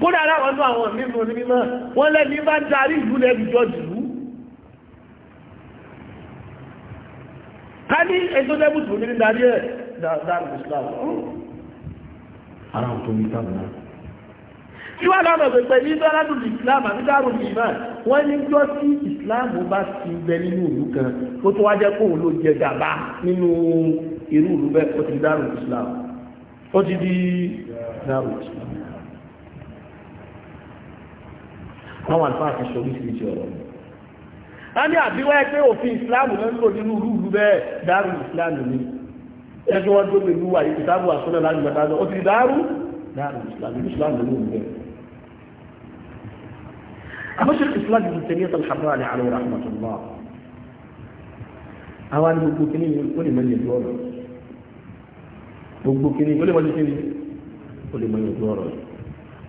kódà láwọn inú àwọn mímu ní mímọ́ wọ́n lẹ́ni bá ń darí ìlú lẹ́bi jọ́jì ìlú ká ní ètò lẹ́bùtù ní darí ẹ̀ dáàrùn Islam ara òtò mi tábìlá tí wọ́n lọ́nà pẹ̀pẹ̀ ní dọ́làdù islam àti dárù ìmọ̀ wọ́n ní jọ sí islam bá ti bẹ nínú ìlú kan ó tó wá jẹ́ kóun ló jẹ gàba nínú irú ìlú bẹ́ẹ̀ ó ti dárù islam ó ti di dárù islam àwọn àlùfáà ti sọ oríṣiríṣi ti ọ̀rọ̀ mi a ní àbíwá ẹgbẹ́ òfin islam ló ń lò nínú ìlú ìlú bẹ́ẹ̀ dárù islam ni ẹgbẹ́ wọn tó lè lúwà yìí ti dárù àsọ́nà láti gbàdájọ́ ó ti dárù dárù islam ìlú islam ló ń bẹ́ẹ̀ àmọ́ṣe ìsìláà ti tẹ̀lé ìtàlùkàbọ̀ àlẹ́ àlẹ́ rahmatullah àwọn àni gbogbo kìíní ó lè mọ̀lẹ́ ìlú ọ̀rọ̀ gbogbo kìíní ó lè mọ̀lẹ́ kìíní ó lè mọ̀lẹ́ ìlú ọ̀rọ̀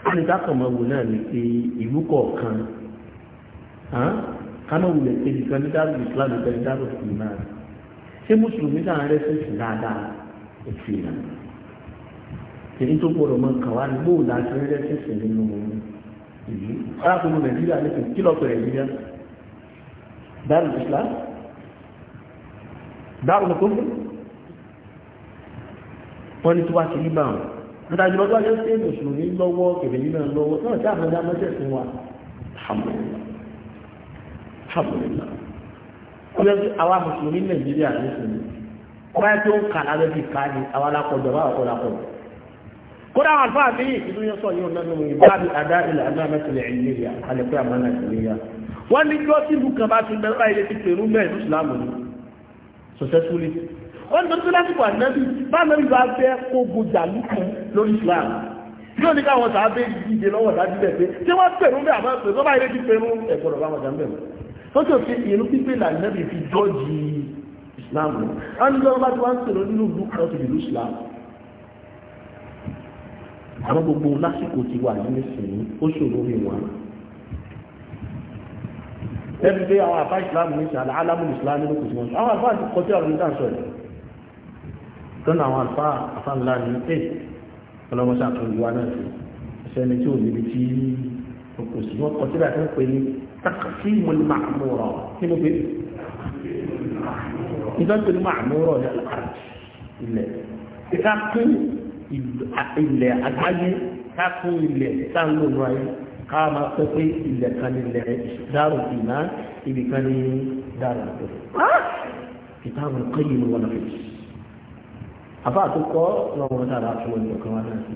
ó lè dákọ̀ mọ́ wò náà ní pé ìlú kọ̀ọ̀kan kánà wulẹ̀ kejì kan ní dáàbò ìsìláà ti tẹ̀lé dáàbò ìmáà ṣé mùsùlùmí náà rẹ̀ sì sì dáadáa òfin náà èyí tó gbọdọ̀ mọ kàwá ní bóòlù àti rẹ̀ sì sì nínú wọn arákùnrin nàìjíríà nìkan kí lọ́pọ̀ nàìjíríà dárùn islam dárùn kókó wọ́n ní tó wá sí nígbà wọn nítorí lọ́jọ́ ajé ṣe mùsùlùmí lọ́wọ́ kẹ̀lẹ́ nínú lọ́wọ́ náà tí àwọn ọjà mọ́jẹ̀ fún wa alhamdulillah alhamdulillah kódà wọn fún àbí ìlú yẹn sọ yóò nánú ìbáàbí àdá ilẹ̀ alámẹ́sìlẹ̀ ìlérìà alẹ́pẹ́ àmàlà ìlérìà wọ́n ní kí ó sì bù kan bá ti bẹ̀rẹ̀ báyìí ti pèrú mẹ́rin ìsìlámù ni successfully wọ́n tó tó lásìkò ànábì bá mẹ́rin bá fẹ́ kó gbòjà lùkùn lórí ìsìlámù yóò ní káwọn sàábé ìdíje lọ́wọ́ dájú bẹ̀ pé tí wọ́n pèrú mẹ́ àmọ́ pé tó báyìí ti pèrú ẹ̀kọ́rọ̀ bá wọn jà ń bẹ̀rù tó tó fi ìlú pípé làǹdẹ́bì fi jọ́ọ̀jì ìsìlámù wọn ti pèrú nínú àwọn gbogbo lásìkò ti wà nínú ìsìn ó ṣòro mi wọn. ẹbí pé àwọn àfáà ìsìlámù ní ìsìn alámù ìsìlámù ló kù sí wọn àwọn àfáà ti kọjú àwọn onídàá sọ yìí tọ́nà àwọn àfáà àfáà ńlá ni ẹ ọlọ́mọṣà tó ń wá náà sí ìṣẹ́ni tí ò níbi tí kò sí wọn kọjú àti pé ní takasí mọ́lì màmúrọ̀ kí ló pé ìdọ́tò ní màmúrọ̀ ní àlàkà ilẹ̀ ìka kún ilẹ̀ àgbáyé kákún ilẹ̀ sáńlónú ayé ká máa pẹ́ pé ilẹ̀ kan ilẹ̀ dárò ìná ibi kan ní dárò ìná kìtàbùn kọ́yì ní wọn fi àbá àtúkọ́ lọ́wọ́ dára fún ọjọ́ kan wá náà sí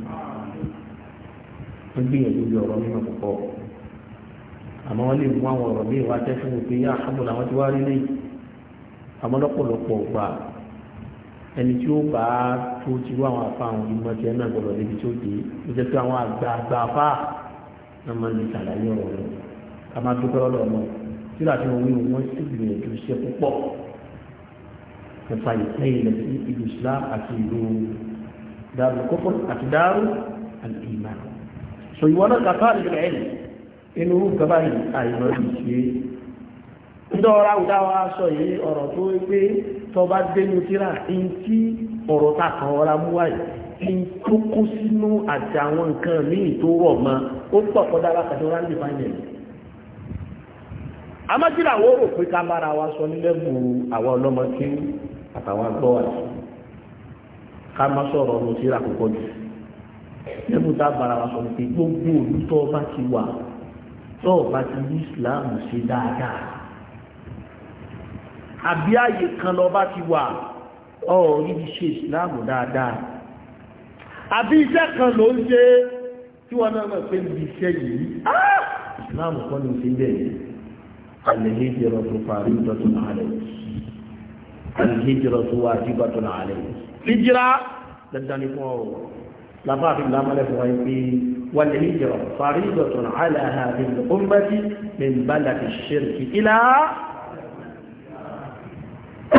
wọ́n gbìyànjú bí ọ̀rọ̀ mímọ̀ púpọ̀ àmọ́ wọ́n lè mú àwọn ọ̀rọ̀ míì wá tẹ́sán pé yá àbùn àwọn wá rí lẹ́yìn àmọ́ lọ́pọ̀lọpọ̀ gbà ẹni tí ó bá tó ti wá àwọn afa àwọn ìmọ̀ tí ẹ náà gbọdọ̀ níbi tí ó dé ó jẹ́ pé àwọn àgbà àgbà afa náà máa ń lè ṣàlàyé ọ̀rọ̀ rẹ̀ ká máa dúpẹ́ lọ́dọ̀ náà tí láti wọ́n wíwọ́n wọ́n sì gbìyànjú iṣẹ́ púpọ̀ nípa ìtẹ́yìn lẹ̀ sí ìlú Islam àti ìlú dàrú kókó àti dàrú al-iman so ìwọ náà kàtà ìlú ẹ̀ inú gaba yìí àìmọ̀ ìṣe ń tọba dénú tíra ń tí ọ̀rọ̀ ta kan ọ̀rá mú wáyé ń tó kó sínú àti àwọn nǹkan míì tó rọ̀ mọ́ ó pọ̀ kọ́dá alákàtà ọ̀rá ń lè fáyẹ̀ amájíra wo rò pé ká bára wa sọ ní lẹ́bù àwọn ọlọ́mọ tí àtàwọn àgbọ̀ wà sí ká má sọ̀rọ̀ ọ̀rọ̀ tíra kò jù lẹ́bù tá bára wa sọ pé gbogbo olùtọ́ bá ti wà tọ́ọ̀ bá ti ní Islam ṣe dáadáa àbí ààyè kan lọ bá ti wà ọ̀rí ti ṣe ìsìláàmù dáadáa àbí iṣẹ́ kan ló ń ṣe tí wọ́n náà pé ń bí iṣẹ́ yìí ah! ìsìláàmù kan ní ṣe bẹ́ẹ̀ alìhíjìrọ̀ tó parí ìdọ́tún ààrẹ alìhíjìrọ̀ tó wà sí ìbátún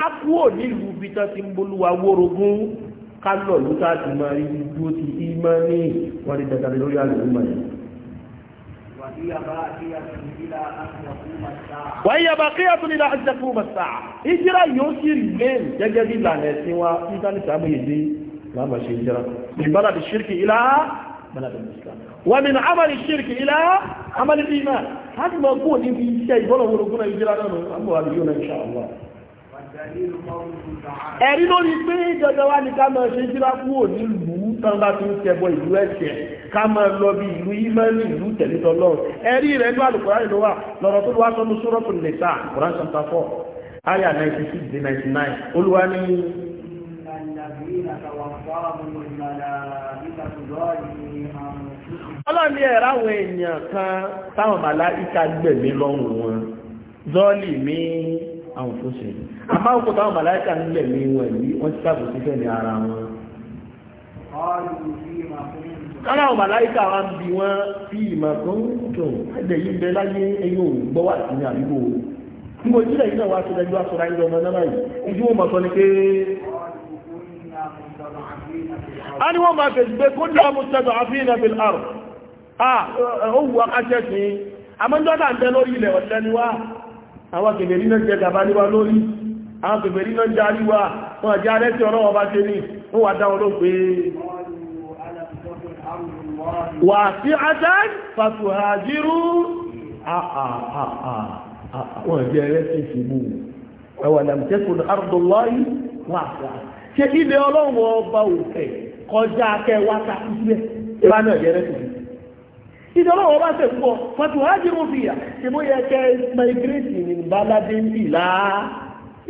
ká kúrò nílùú bí tán ti ń bolúwa wórogún ká lọ ló tá a ti máa rí dúró ti ìmọ̀ ní wọ́n ti dàgbà lórí àlùmọ̀ yẹn. wàyí yaba kí a tún nílò àti dàkú màsà ìjírà yóò sì rí lẹ́yìn gẹ́gẹ́ bí ìlànà ẹ̀sìn wa nígbà níta amóyèdè láàmà ṣe ìjírà ìbára ti ṣírkì ìlà بلد الإسلام ومن عمل الشرك إلى عمل الإيمان هذا ما يكون في شيء ولو ربنا يجرى لنا أبو إن شاء الله ẹ̀rí lórí pé dandan wá ní ká máa ṣe jíra kúrò nílùú tán bá tún tẹ̀bọ ìlú ẹ̀ṣẹ̀ ká máa lọ bí ìlú ìmọ̀lì ìlú tẹ̀lé tọlọ́run ẹ̀rí rẹ̀ ní àlùkòrá ìlú wa lọ́rọ̀ tó wá sọ́nu sọ́rọ́tò nìta Quran chapter four aya ninety six to ninety nine olúwa ní. ọlọ́ọ̀ni ẹ̀rọ àwọn èèyàn kan táwọn màláìka gbẹ̀mí lọ́rùn wọn zọ́ọ̀lì mi àwọn fòṣèlú àmọ́ àwọn kòtò àwọn màláìka nílẹ̀ ní wọn yìí wọ́n ti sábò sí fẹ́ẹ̀ ní ara wọn. kára àwọn màláìka wa ń bi wọn fi ìmọ̀ kan dùn ẹ̀dẹ̀ yìí bẹ láyé ẹ̀yìn òun gbọ́ wà sí ní àdúgbò níbo ìdílé yìí náà wá sílẹ̀ ju aṣọ ayé ọmọ náà yìí ojú wọn mọ̀ sọ ni pé. a ní wọ́n máa fèsì pé kó dáa mo sẹ́dọ̀ àfihàn bil ó wù akáṣẹ́ sí i àmọ́jọ́ náà ń bẹ lórí ilẹ̀ ọ̀tẹ́ ni àwọn kèmèrè náà àwọn pẹ̀pẹ̀ nínú jarí wa wọ́n jẹ́ arẹ́ tí ọlọ́wọ́ bá ṣe ní wọ́n wà dáwọn ló pé wà sí àtàn fàtùhàjírú wọ́n jẹ́ arẹ́ tí ṣe mú ẹwà làmìtẹ́kùn ardùnláyì wà fà ṣe ilẹ̀ ọlọ́wọ́ bá òfẹ́ kọjá kẹwàá ta ìsúlẹ̀ ìbánà jẹ́ arẹ́ tí ṣe ìjọba wọn bá tẹ̀ púpọ̀ fàtùhàjírú fìyà ṣe bó yẹ kẹ migrate ní báládé ìlà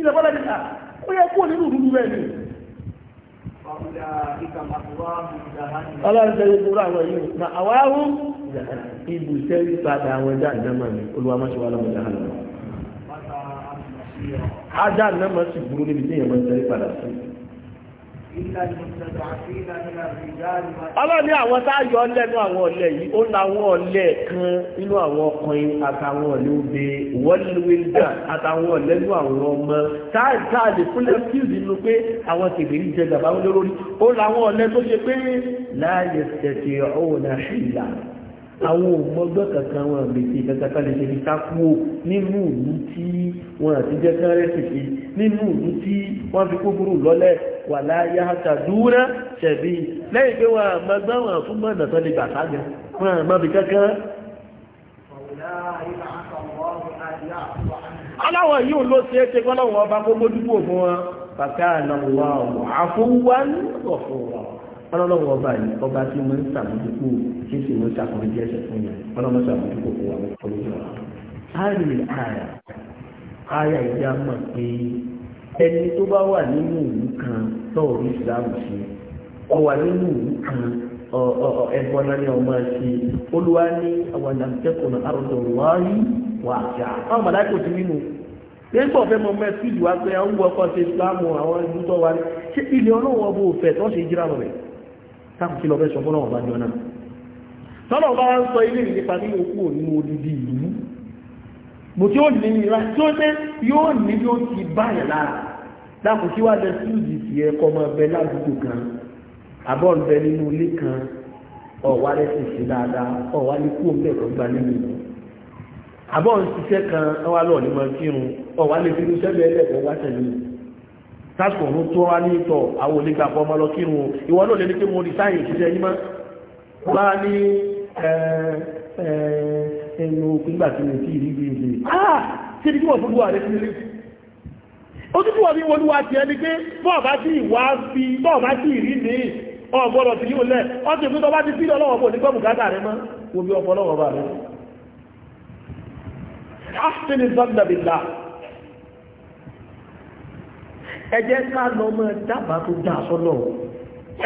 ilẹ̀ bọ́lá ní à ah, ó yẹ kó nínú dúdú rẹ̀ ni. ọlọ́run tẹ́lẹ̀ gbogbo àwọn yìí na àwárún ibùsẹ́ ìpadà àwọn ẹja ìdámà ni olúwa má ṣe wà lọ́mọdé hàn lọ́wọ́. ajá náà má sì burú níbi tí èèyàn máa ń tẹ́lẹ̀ ọlọ́ni àwọn tá yọ lẹ́nu àwọn ọ̀lẹ yìí ó láwọn ọ̀lẹ kan nínú àwọn ọkùnrin àtàwọn ọ̀lẹ obe wọ́lúwẹ́dà àtàwọn ọ̀lẹ nínú àwọn ọmọ táà fúnlẹ̀ fíìsì nínú pé àwọn tèbèrè jẹ gàbáwọn lórí ó láwọn ọ̀lẹ tó ṣe pé láàyè tẹ̀tẹ̀ ọ̀hún àwọn òmọgbọ́ kankan wọn àgbèsè kankan lè ṣe fi sákúwò nínú ìlú tí wọn àti jẹ́ kán ṣìṣe nínú ìlú tí wọ́n fi kúburú lọ́lẹ̀ wà láyé àtà ṣẹ̀bí lẹ́yìn pé wọn wọn fún mọ̀nà tó lè gbà wọn ọlọ́lọ́wọ́ ọba yìí ọba tí mo ń sàmójúkú tí sì mo sàkóyí díẹ̀ ṣe fún yẹn ọlọ́mọ sàmójúkú fún wa olóyè wa. a lè àyà àyà ìjà mọ̀ pé ẹni tó bá wà nínú ìlú kan lọ́wọ́ ìsìlámù sí ọ wà nínú ìlú kan ẹ̀bọ̀n náà ni ọmọ ẹ̀sìn olúwa ní àwọn àdàmùtẹ́kùn àròsọ wáyé wà jà àwọn màláìkò ti nínú nígbà ọ̀fẹ́ mọ mẹ́sìlì wá pé àwọn ọkọ̀ ṣe ìsìlámù àwọn ìlú tó ṣé ilé ọlọ́wọ́ bó fẹ̀ tó ṣe ìjírà rẹ̀ táàkù kí lọ fẹ́ sọ fún ọ̀rọ̀ ọ̀bájọ́ náà tọ́lọ̀ bá wá ń sọ ilé ìdípa ní okú òní odidi ìlú mo tí ó ní ìra tí ó dé yóò ní bí ó ti báyà lára dáàbò kí wàá dẹ́sí ìdí ti ẹ̀kọ́ ọmọ ẹbẹ ládùúgbò kan àbọ̀ ń bẹ nínú ilé kan ọ̀wá rẹ̀ sì sí dáadáa ọ̀wá ní kú òun bẹ̀rẹ̀ gba nínú ìlú àbọ̀ kan ọ̀wá lọ́ọ̀ ní mọ́ kírun ọ̀wá lè fi irúṣẹ́ bẹ́ẹ̀ lẹ́kọ̀ọ́ wá tẹ̀lé tásìkò òun tó wá ní ìtọ̀ àwọn onígbà fọmọ lọ kírun ìwọ náà lè ní pé mo rí sáyẹn òṣìṣẹ́ yín mọ́ bá ní ẹnu nígbà tí ìrí bí ìlè ah ṣe ni kí wọ́n fún ààrẹ sílé ó tún wọ́n ní olúwa tiẹ̀ ni pé bọ́ọ̀ bá tí ìwà fi bọ́ọ̀ bá tí ìrí mi ọgbọ́dọ̀ tí yóò lẹ̀ ọdún ìpínlẹ̀ bá ti fi lọ́wọ́ bò ní gbọ́mù gádà rẹ ẹ jẹ́ ká lọ mọ́ dábàá tó dá sọ́lọ̀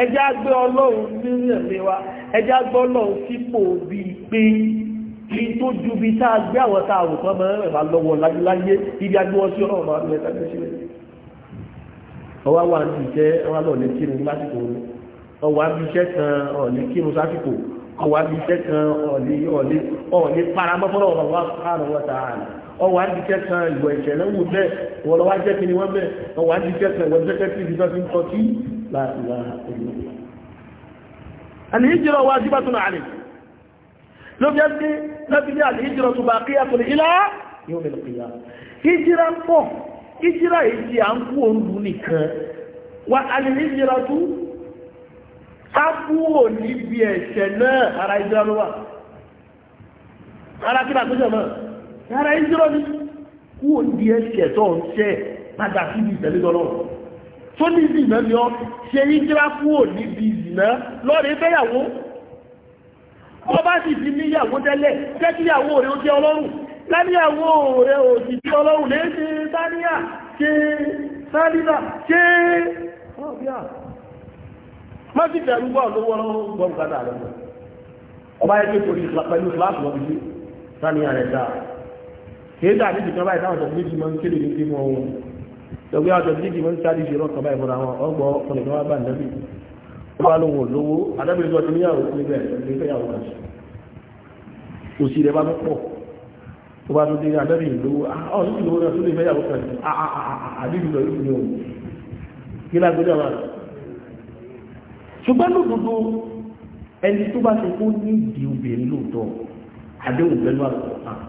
ẹ jẹ́ á gbé ọlọ́run nínú ẹ̀mí wa ẹ jẹ́ á gbọ́ ọlọ́run sípò bíi pé kí tó ju bí tá a gbé àwọn tá a wò kán máa ń rẹ̀ bá lọ́wọ́ láyé ibi agbéwọ́ sí ọlọ́run máa ń rẹ̀ sáyé sílẹ̀ ọwọ́ wa ní ìjẹ́ ọwọ́ lọ́ọ̀ lè kírun lásìkò ọwọ́ àbí iṣẹ́ kan ọ̀lẹ́ kírun sásìkò ọwọ́ àbí iṣẹ́ kan ọ̀lẹ́ ọ̀lẹ́ ọ̀lẹ́ paramọ́fọ́lọ́wọ́ ọwọ́ àdìkẹ́ kan ìwọ̀ ẹ̀ṣẹ̀ lẹ́wù bẹ́ẹ̀ wọ́n lọ́wọ́ ajẹ́ kí ni wọ́n bẹ́ẹ̀ ọwọ́ àdìkẹ́ kan ìwọ̀ ẹ̀ṣẹ̀ kí ni wọ́n fi ń tọ́ sí láàrínlá àlìhíjìrọ̀ wa jíbá tún àlè ló fi ẹ́ sí láti ní àlìhíjìrọ̀ kí á tún kú òru níbi ẹ̀ṣẹ̀ náà ara ìjọba wa ara kí yàrá ìjọ́ ni kú ò di ẹ̀ṣẹ̀ tó ń ṣẹ́ padà sí ibi ìtẹ̀lé tọ́lọ́ tó ní ibi ìná ni ọ ṣe ìjọ́ kú ò ní ibi ìná lọ́rẹ̀ fẹ́yàwó wọ́n bá sì ti níyàwó tẹ́lẹ̀ jẹ́ kíyàwó rẹ̀ ó jẹ́ ọlọ́run láníyàwó rẹ̀ ò sì jẹ́ ọlọ́run lè ṣe sáníyà ṣe sáníyà ṣe má sì bẹ̀rù bọ́ lówó kìí dà níbi kan báyìí táwọn tẹ̀sílẹ̀ ìmọ̀ ń kéde ní kí wọ́n wọn lọ́gbẹ́ àwọn tẹ̀sílẹ̀ ìmọ̀ ń sáré ìṣirọ́ kan báyìí fúnra wọn ọgbọ́ ọkùnrin kan wá bá nẹ́bí ó bá lóhun olówó adábìrin tó ti níyàwó níbẹ̀ nígbẹ̀yàwó kan sí òsì rẹ̀ bá tó pọ̀ bá ah, tó ah, ah, dé ẹni tó bá ti kó ní ìdí obìnrin lóòótọ́ àdéhùn pẹ̀lú àkọ́kọ́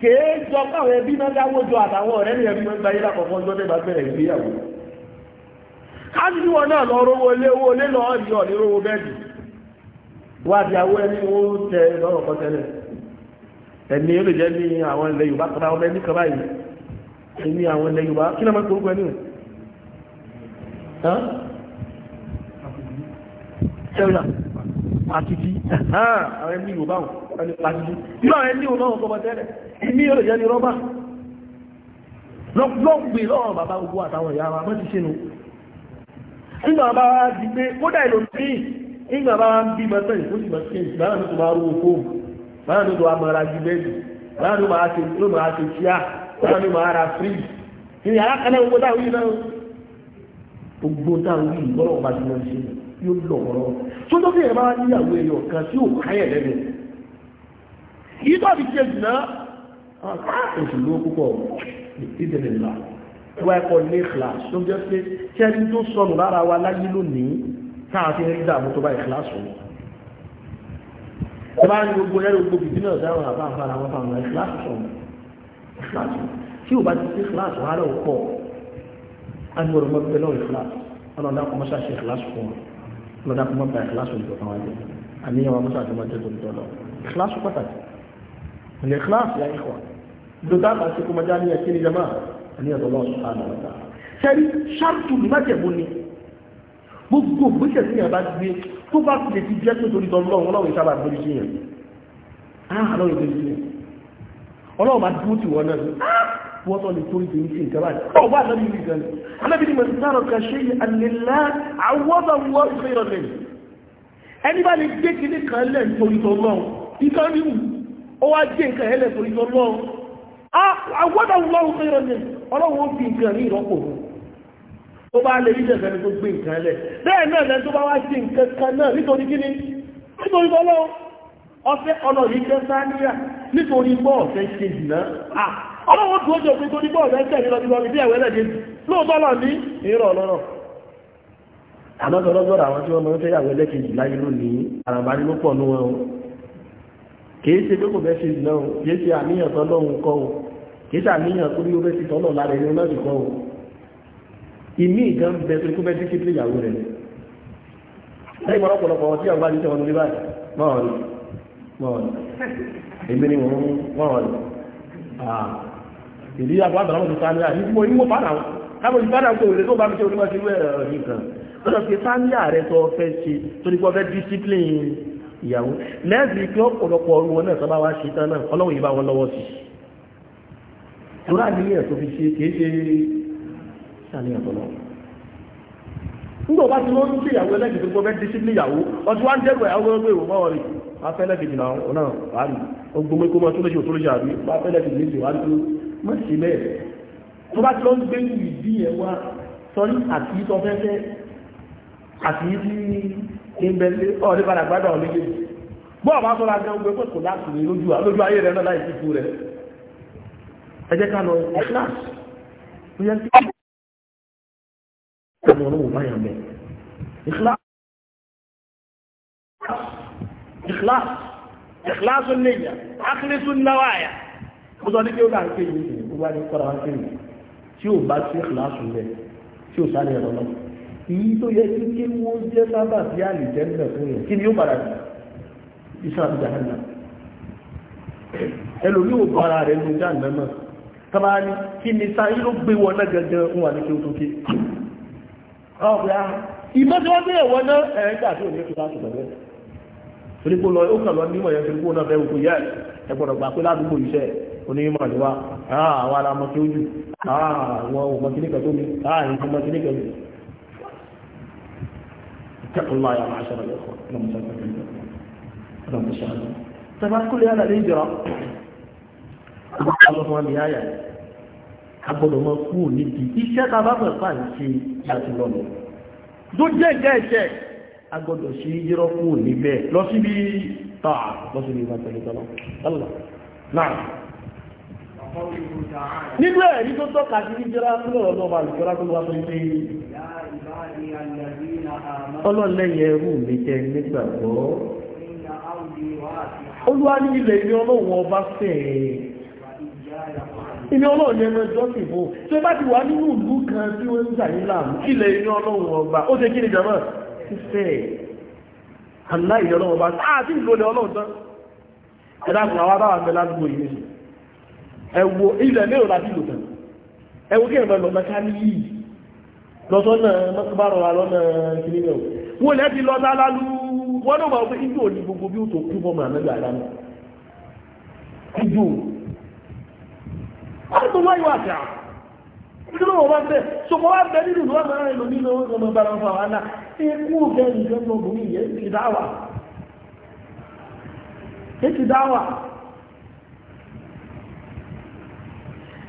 kèé jọ káwọn ẹbí náà dáwọ́ jọ àtàwọn ọ̀rẹ́ ní ẹbí gbẹ́gbẹ́ ayé lápapọ̀ ọjọ́ tẹ́gbà bẹ̀rẹ̀ ìgbéyàwó wọn náà lọ rówó ilé owó ilé lọ rówó bẹ́ẹ̀dì wá di ẹni ó tẹ lọ́rọ̀ kan tẹ́lẹ̀ ẹni ó lè jẹ́ ní àwọn ilẹ̀ Yorùbá kan báwọn ẹni kan báyìí ẹni àwọn ilẹ̀ Yorùbá kí máa ẹni pàtàkì yóò ẹni òun náà kọ́mọ tẹ́lẹ̀ ní yóò jẹ́ ní rọ́bà lọ́gbìn lọ́wọ́ bàbá gbogbo àtàwọn ìyá wa mọ́tí sínú nígbà bá wá di pé kódà ìlò sí nígbà bá wá ń bí mọ́tọ́ ìfúnjì mọ́tí báyà ní tó máa rú okó báyà ní tó wá mọ́ra ju bẹ́ẹ̀dì báyà ní máa ṣe ló máa ṣe kíá báyà ní máa ra fíríjì ní alákàlẹ̀ gbogbo táwọn yìí náà gbogbo táwọn yìí lọ́wọ́ bá ti mọ́ ṣe yóò lọ́wọ́ yìí tó fi ṣe jùlọ ah, ah, òṣèlú púpọ̀ ìdílé ńlá wá ẹ̀kọ́ ní ìkìláàsì tó jẹ́ pé kẹ́ni tó sọnù lára wa láyé lónìí káàfin rí dààmú tó bá ìkìláàsì wọn ẹ bá ní gbogbo ẹrù gbogbo ìdí náà dáhùn àbá àfàrà wọn fáwọn ìkìláàsì sọnù ìkìláàsì tí ò bá ti sí ìkìláàsì wọn á lọ pọ̀ á ní ọ̀rọ̀ mọ́ bẹ́ẹ̀ náà ìkìláàsì ọlọ́dà kọ́ mọ́ṣá ṣe ìkìláàsì fún wọn ọlọ́dà kọ́ mọ́ bá ìkìláàsì òjò kan wájú àníyàn wọn mọ́ṣá àti mọ́ṣá tó ń tọ́ lọ ìkìláàsì pàtàkì al-ikhlas ya ikhwa ló dábàá sí kó mọjá ní ẹkí ní jama àní ọ̀dọ̀ lọ́wọ́ subhanahu wa ta'ala sẹ́rí ṣáàtù májẹ̀mú ni gbogbo gbèsè sí yàrá gbé tó bá ti lè ti jẹ́ pé torí tọ́lọ́ wọn láwọn ìsábà gbé sí yàn áhà lọ́wọ́ ìgbé sí yàn ọlọ́wọ́ máa dúró tì wọ́n náà wọ́n tọ́ lè torí tèmi sí ìjọba àti ọ̀bá àtàrí ìlú ìgbà ni alábìnrin mọ̀ sí sáàrọ̀ kan ṣe yìí àlèlá àwọ́dọ̀ wọ́n ìfẹ́ ìrọ̀lẹ́ ẹni bá lè gbé kiri kan lẹ́ nítorí tọ́lọ́ ìkan ní wù ó wá jẹ́ nǹkan ẹlẹ́ torí ọlọ́run àwọ́dà ọlọ́run fẹ́ ìrọ̀lẹ́ ọlọ́run ó fi nǹkan ní ìrọ́pò tó bá lè rí jẹ̀fẹ́ ni tó gbé nǹkan ẹlẹ́ bẹ́ẹ̀ náà lẹ́n tó bá wá sí nǹkan kan náà nítorí kíní nítorí ọlọ́run ọfẹ́ ọlọ́run yìí jẹ́ sáníyà nítorí bọ́ ṣe jìnà tó pé lọ kìí ṣe pé kò fẹ́ ṣe ìdìnà o kìí ṣe àníyàn tọ́lọ́hun kọ́ o kìí ṣe àníyàn tó ní ó fẹ́ ṣe tọ́lọ̀ lára ẹni náà nìkan o ìmí ìgan bẹ tó kó fẹ́ ṣe kíkí ìyàwó rẹ̀ lẹ́yìn wọn ọ̀pọ̀lọpọ̀ ọtí àwọn àti ìṣẹ́wọn ní báyìí wọ́n rí wọ́n rí èmi ni wọ́n wọ́n rí ìdí àbọ̀ àbàlámọ̀ ti sáà ní àyè mo ní mo bá náà láwọn ìbára kò rẹ̀ tó bá mi ṣe onímọ̀ sí wẹ́ẹ̀rọ̀ nìkan lọ́dọ̀ fi sáà ní ààrẹ tó ìyàwó lẹ́ẹ̀sì pé ọ̀pọ̀lọpọ̀ ọrùn wọn náà sábà wá ṣe tán náà ọlọ́run yìí bá wọn lọ́wọ́ sí tóra níyàn tó fi ṣe kìí ṣe ṣàníyàn tó lọ nígbà wá tí wọ́n ń ṣe ìyàwó ẹlẹ́gbẹ̀ẹ́ tó gbọ́fẹ́ disipili ìyàwó ọtí wá ń dẹ́rù ẹ̀yàwó gbọ́dọ̀ ìwò máa rí afẹ́ lẹ́gbẹ̀ẹ́ náà ọ̀nà wà rí ogun mẹ́kọ́ máa tó lè ṣe òtó lè ṣe àbí wà fẹ́ lẹ́gbẹ̀ẹ́ méjì wà rí mọ́ sí bẹ́ẹ̀ tó bá ti lọ ń gbé ìdí ẹ̀ wá sọ́rí àti ìtọ́fẹ́fẹ́ àti ìdí ìbẹ̀lẹ̀ ọ̀rẹ́ padà gbádà ọ̀lẹ́gbẹ̀ bọ́ ọ̀bá sọ́ra jẹ́ ogun pẹ̀kù láti rí lójú lójú ayé rẹ̀ náà láì fífú rẹ̀ ẹ jẹ́ ká lọ ẹ̀kíláàsì ó yẹ kí ọmọ ọlọ́wọ́ bá yàn bẹ̀ ìkíláàsì ìkíláàsì nìyà akílísù náwáyà ó sọ ní kí ó dà ń ké yìí ó wá ní kọ́ra wá ké yìí tí ó bá sí ìkíláàsì rẹ̀ tí ó sáré ẹ̀rọ náà èyí tó yẹ kí kí wọ́n jẹ́ sábà sí àlìjẹ́ ńlẹ̀ fún yẹn kí ni ó padà sí iṣẹ́ àti jàǹdà ẹlòmí ò bára rẹ̀ ní jàǹdà náà tọ́ba ni kí ni sáyé ló gbé wọn náà gẹ́gẹ́ ń wà ní kí ó tó ké ah, ìmọ̀ tí wọ́n gbé ẹ̀wọ́ náà ẹ̀rẹ́ gbà tí ò ní kí wọ́n sọ̀rọ̀ bẹ́ẹ̀ torípò lọ ó kàn lọ nímọ̀ yẹn torípò náà fẹ́ wò kó yẹ ẹ gbọ́dọ̀ gbà pé ládùúgbò iṣẹ́ onímọ̀ ni ah, wa àwọn alamọ̀ tí ó jù ah, àwọn ọmọ kíníkà tó mi àwọn ọmọ kíníkà tó mi اتقوا الله يا معشر الإخوة لم تكن لم تشاهدوا طبعا كل هذا الهجرة الله من آية agbọ́dọ̀ mọ kúrò níbi iṣẹ́ ta bá fẹ́ fà ń ṣe láti lọ́nà tó jẹ́ ìjẹ́ ìṣẹ́ agbọ́dọ̀ ṣe yíjírọ́ kúrò níbẹ̀ lọ sí bí tàà lọ sí bí ìgbà pẹ̀lú tọ́lá tọ́lá náà nínú ẹ̀rí tó tọ́ka sí yíjírọ́ lọ́rọ̀ lọ́wọ́ àlùkọ́lá tó wá sọ ọlọ́lẹ́yìn ẹrú mi jẹ nígbàgbọ́ olúwa ní ilẹ̀ ilé ọlọ́run ọba fẹ́ ilé ọlọ́run ní ẹmọ ẹjọ́ sì fún tí ó bá ti wà nínú ìlú kan tí ó ń jà ní láàmú ilẹ̀ ilé ọlọ́run ọba ó ṣe kí ni jàmọ́ fífẹ́ àná ilé ọlọ́run ọba àti ìlú ilé ọlọ́run tán ẹ̀dàkùn àwọn aráwà mẹ́lá gbogbo ìrìn ẹ̀wọ̀ ilẹ̀ mẹ́rọ̀ láti lò tán ẹ̀wọ̀ kí ẹ̀rọ lọ mẹ́ká ní yìí lọ́sọ́nà mọ́kúbárọ̀ wa lọ́nà kìnìyàn wọ́n lẹ́bi lọ́ta lálú wọ́n náà wọ́n pé ijó ní gbogbo bí ó tó kú fọ́mọ àmẹ́gbà àdámù ijó wọ́n tó wáyé wà sí àwọn ìdílé wọn wọ́n bẹ̀ sọ̀kọ́ wá bẹ nínú ìlú ọmọ ẹ̀rọ nínú ọmọ bára fà wà náà ikú bẹ́ẹ̀ nìkan tó bùnú yẹn ti dáwà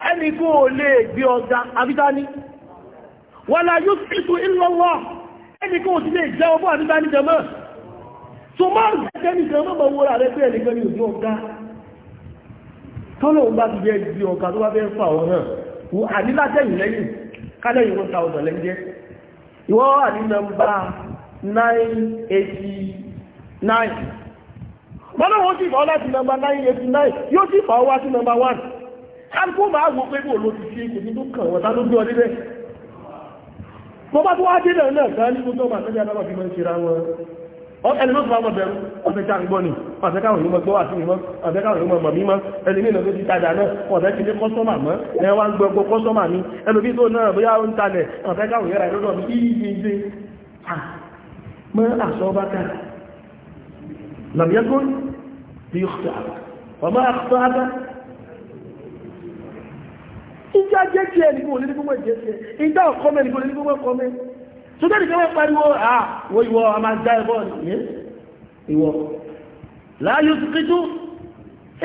ẹni kó o lè gbé ọgá àbídání wàlá yóò pẹ̀tù ìlọ́wọ́ ẹni kó o ti lè jẹ́ ọgbọ́ àbídání jẹmọ́ tó máa ń gbẹ́ nìkan mọ́ mọ́ wọ́ra rẹ̀ pé ẹnìkan ní òjú ọgá tọ́lọ̀ bá ti jẹ́ ibi ọgá tó bá fẹ́ fà ọ̀ hàn wọ àdílátẹ̀yìn lẹ́yìn kálẹ̀yìn 1000 lẹ́jẹ́ ìwọ àdí nọmbà 989 mọ́nà wọ́n sì fà ọ́ láti nọmbà 989 yóò sì fà ọ́ wá sí nọmbà 1 kálùkù máa wo pé bó ló ti ṣe kò ní tó kàn wọ́n tá ló gbé ọ níbẹ̀ mo bá tó wá dé náà náà gan nínú tó máa tẹ́lẹ̀ adábà fi máa ń ṣera wọn ẹni ló fún ọmọ bẹ̀rù ọ̀fẹ́ ká ń gbọ́ ni ọ̀fẹ́ káwọn ìlú mọ́ gbọ́ àti ìmọ́ ọ̀fẹ́ káwọn ìlú mọ́ mọ̀ mímọ́ ẹni nínú tó ti tajà náà ọ̀fẹ́ ọmọ àṣọ ìjọ ajé tí ẹ nìkan olè ní gbogbo ìjẹ sí ẹ ìjọ ọkọmẹ nìkan olè ní gbogbo ọkọmẹ tó tẹ́ nìkan wọ́n pariwo à wo ìwọ a máa já ẹbọ ní ìwọ láàyò tó kéjú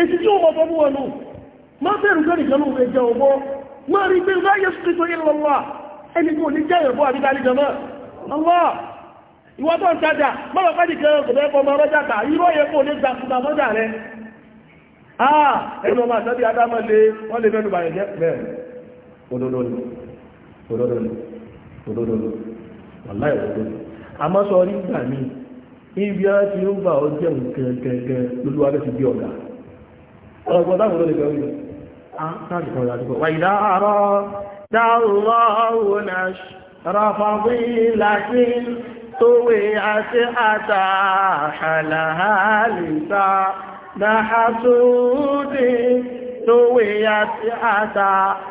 èsì tí òun ọbọ mú wọn nù má bẹ̀rù tó nìkan lóun ẹjẹ ọbọ má rí pé láàyò tó kéjú yẹ lọ wà ẹni kò ní já ẹbọ àbí dárí jọmọ ọwọ ìwọ tó ń tajà má lọ ah ẹnu ọmọ àtàbí adámọ́ lé wọ́n lè mẹ́nu bàyẹ̀ jẹ́ bẹ́ẹ̀ òdodo ni òdodo ni òdodo ni wàláì òdodo ni àmọ́ sọ rí gbà mí ibi á ti ń bà ọ jẹ́ nkẹ̀kẹ̀kẹ̀ lójú wa bẹ́ẹ̀ ti bí ọ̀gá ọ̀gbọ́n táwọn olóde kan wí á sáàtì kan kọ́ wàyí dáhàrọ́ dáhùrọ́ náà rafàbí láti tówé àti àtàhàlàhà lè sá náà tó dé tówé àti àtàhàlà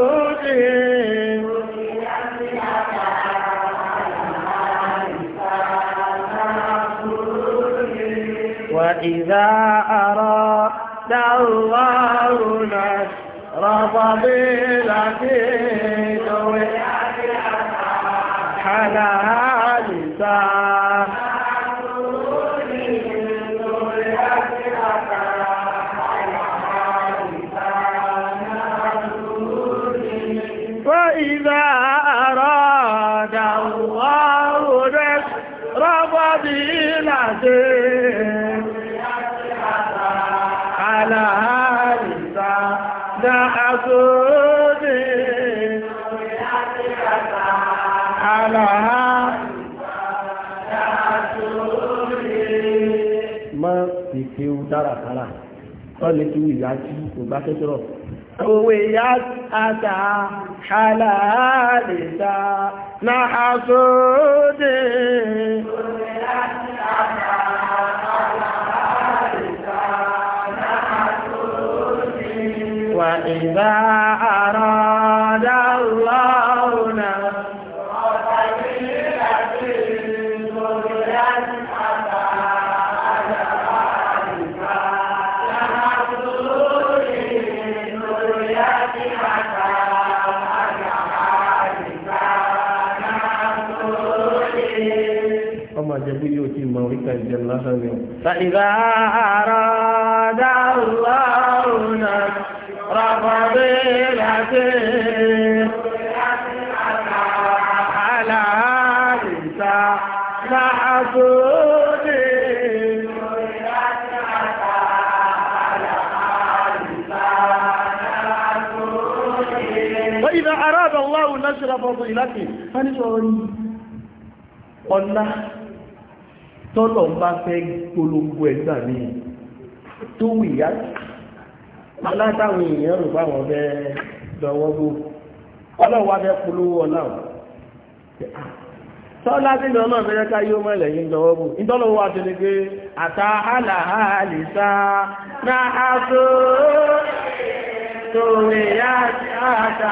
إذا أراد الله نشر فضيلتي حلا tọ́lẹ̀ tí ìyá tí kò bá kẹ́kẹ́rọ̀ òwe ya àtà aláàlẹ́ta náà àṣóòdè òwe ya àtà aláàlẹ́ta náà àṣóòdè wà ìdáà فإذا أراد الله نصر فضيلة على لسان محسود وإذا أراد الله نشر فضيلته فنشر ọlá tọ́lọ̀ ń bá fẹ́ polongo ẹgbà ní tó wù ìyá látàwọn èèyàn rò bá wọn fẹ́ lọ́wọ́ bó ọlọ́wọ́ fẹ́ polówó ọlá o sọ́lá sí lọ́nà fẹ́rẹ́ yóò lọ́wọ́ bó ìtọ́lọ́wọ́ àti ní pé tó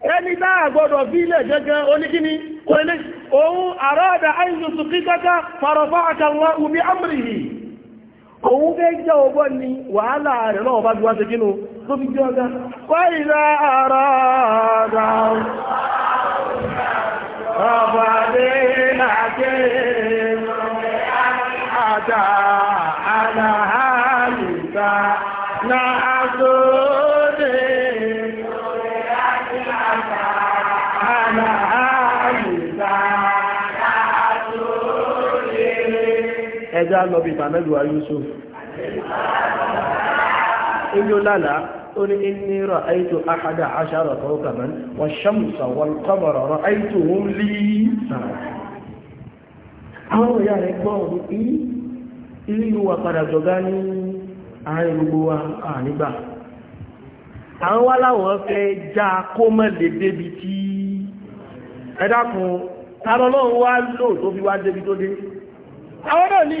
ẹni dáa gbọdọ̀ bí ilẹ̀ gẹ́gẹ́ oníkíní oní ohun àrọ́dà àìsùsù kíkọ́ká farọ̀fá àkàwà umi amìrìhì ohun fẹ́ jẹ́ ọgbọ́ ni wàhálà rẹ̀ náà bá gbíwá sekínú tó fi jẹ́ ọgá wà àrọ́dà já lọ bí ìtànẹ́lùwà Yusuf inú lálá ó ní inni ra'aytu ahada ashara kawkaban wa shamsa wal qamara ra'aytuhum li àwọn òyà rẹ̀ gbọ́ ọ̀rọ̀ pé ilú wa padà jọgá ní àárín gbogbo ẹ̀dàkùn tàbí ọlọ́run wá lò tó fi wá débi tó dé àwọn náà ní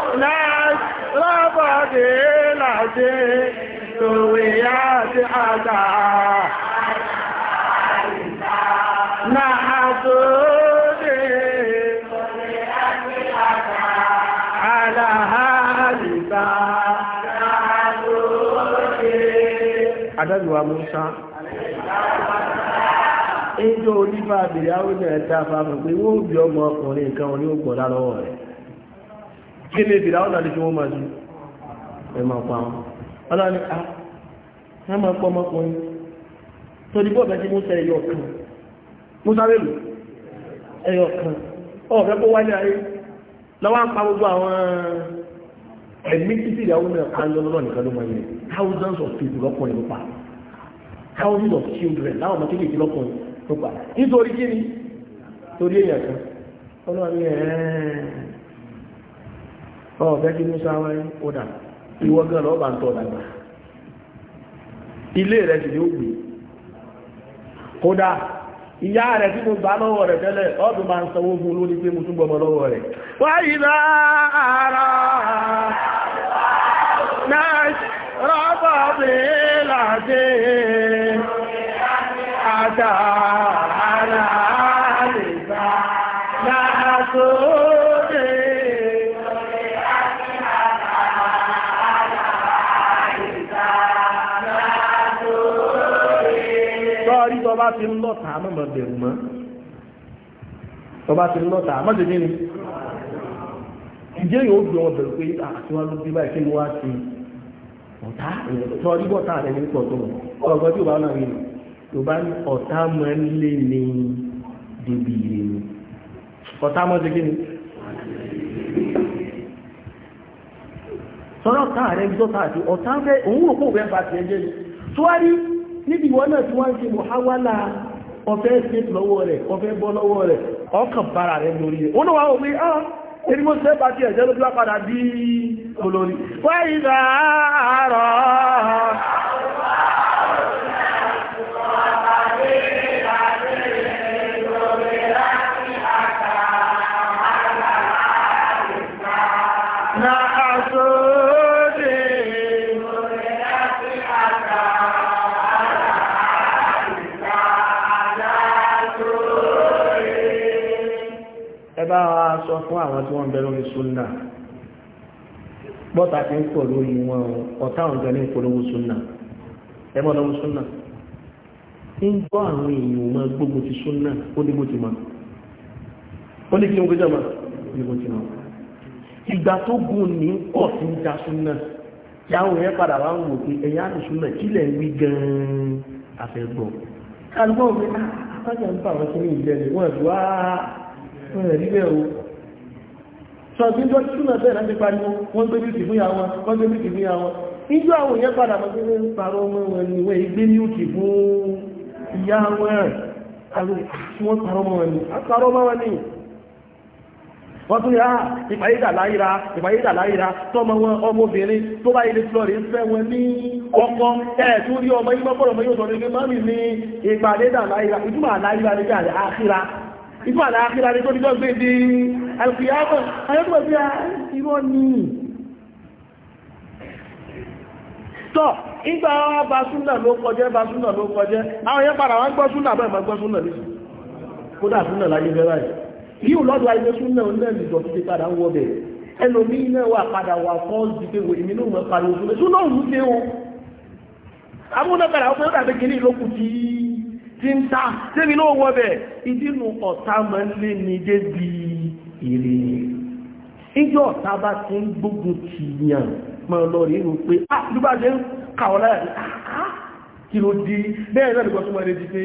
na láti tòwé àti àdá. ya tó dé tòwé àti àdá. Àlàhálìta. Náà tó dé. Adájúwa Musa. Ejó oníbàbìrì àwọn ẹ̀ta fàmù pé wọ́n bí ọmọ ọkùnrin kan ní ó kí ni ìbìlá ọ̀nà lè fi wọ́n máa jù ẹ máa pa wọn ọlọ́ni a ah, ẹ máa pọ ọmọkùnrin tó dìbò ọ̀fẹ́ tí mú sẹ ẹyọ kan mú sáré lù ẹyọ kan ọ̀fẹ́ kó wáyé ayé lọ́wọ́ ń pa gbogbo àwọn eh, ẹ̀mí títí ìyàwó náà pa lọ́lọ́ nìkan ló máa yẹ thousands of people lọ́kùnrin ló pa thousands of children láwọn ọmọ kékeré lọ́kùnrin ló pa nítorí kí ni torí èèyàn kan ọlọ́ni ẹ̀ẹ́ ọ̀fẹ́ kí musa wáyé ó dà ìwọ gan lọ́ọ́ bá ń tọ́ dàgbà ilé rẹ̀ sì ni ó gbé kódà ìyá rẹ̀ tí mo bá lọ́wọ́ rẹ̀ tẹ́lẹ̀ ọdún máa ń sanwó fún lórí pé mo tún lọ́wọ́ rẹ̀ wáyé láàárọ̀ mọ̀ bẹ̀rù mọ́ ọba ti lọ́ta mọ́tò ní ni ìjẹ́ yóò gbé wọn bẹ̀rù pé àti wọn ló bí báyìí kí ni wọ́n á ti ọ̀tá ìrọ̀tọ́ ní bọ́ta rẹ̀ ní pọ̀ tó mọ̀ ọgbọ́n tí ò náà rí tó ní ọ̀tá mọ́ ń lé ní débi ìrè ni ọ̀tá mọ́ ti kí ni sọ́rọ̀ táà rẹ̀ gbọ́ táà tí ọ̀tá fẹ́ òun rò pò fẹ́ bá ti ẹjẹ́ ni tó wá níbi ìwọ náà tí wọ́n ń ṣe mọ̀háwálà ọfẹ́ ṣètò lọ́wọ́ rẹ̀ ọfẹ́ bọ́ lọ́wọ́ rẹ̀ ọkàn bára rẹ̀ lórí rẹ̀ ó lọ́wọ́ wọ́n pé ah èrí mọ́ sẹ́bà tí ẹ̀jẹ́ ló padà bí olórí wọ́n ìdá fún àwọn tí wọ́n ń bẹ lórí sunna bọ́ta ti ń pọ̀ lórí wọn ọ̀tá òǹgà ní ìpolówó sunna ẹ lọ́wọ́ sunna ń gbọ́ àwọn èèyàn mọ́ gbogbo ti sunna ó ní bó ti ó ní kí ń gbéjọ́ mọ́ ní bó ti ìgbà tó gùn ní pọ̀ sí ń da sunna yàwó yẹn padà wá ń wò pé ẹ̀yà àti sunna kílẹ̀ ń wí gan-an àfẹ́gbọ́ kálùbọ́n mi náà wọ́n ah, ń bá àwọn kí ní ìlẹ́nu wọ́n ti tọ́jú ìjọ ṣúnà bẹ́ẹ̀ láti pariwo wọ́n gbé bíkì fún yàwọn wọ́n gbé bíkì fún yàwọn ìjọ àwọn èèyàn padà mọ̀ pé ń parọ́ ọmọ wọn ni wọ́n gbé ní òkè fún ìyá wọn wọ́n parọ́ ọmọ wọn ni àparọ́ ọmọ wọn ni wọ́n tún yá ìpàyídà láyíra ìpàyídà láyíra tọ́mọ wọn ọmọbìnrin tó bá ilé flọ́ọ̀rì ń fẹ́ wọn ní ọkọ ẹ̀ tó rí ọmọ yín mọ́kànlọ́mọ yóò sọ ní pé mọ́mì ní ìpàdédà láyíra ìtumọ̀ láyíra ní ìfà àlàáfíà ní tó díjọ́ gbé di alkiyama ayọ́tọ̀ bí a ìrọ́ ní tọ́ ìgbà àwọn bá súnà ló kọjẹ́ bá súnà ló kọjẹ́ àwọn yẹ́ padà wọ́n gbọ́ súnà bẹ́ẹ̀ máa gbọ́ súnà ní kódà súnà láyé bẹ́ẹ̀ báyìí yíò lọ́dọ̀ ayé súnà ó náà nìjọ ti padà ń wọ́bẹ̀ ẹlòmí náà wà padà wà fọ́ọ̀sì ti pé èmi náà mọ̀ pariwo súnà òun ṣe o amúnákàrà ó pé ó dàbí kiri ìlókù tí tí ń ta tẹ́mi náà wọ́bẹ̀ ìdínú ọ̀tá máa ń lé ní débi èrè ìjọ ọ̀tá bá ti ń gbógun ti yàn máa lọ rí rú pé ah ló bá jẹ́ ń kàwọ́ láyà ní ah, ah kí ló di bẹ́ẹ̀ náà lùgbọ́n tó máa retí pé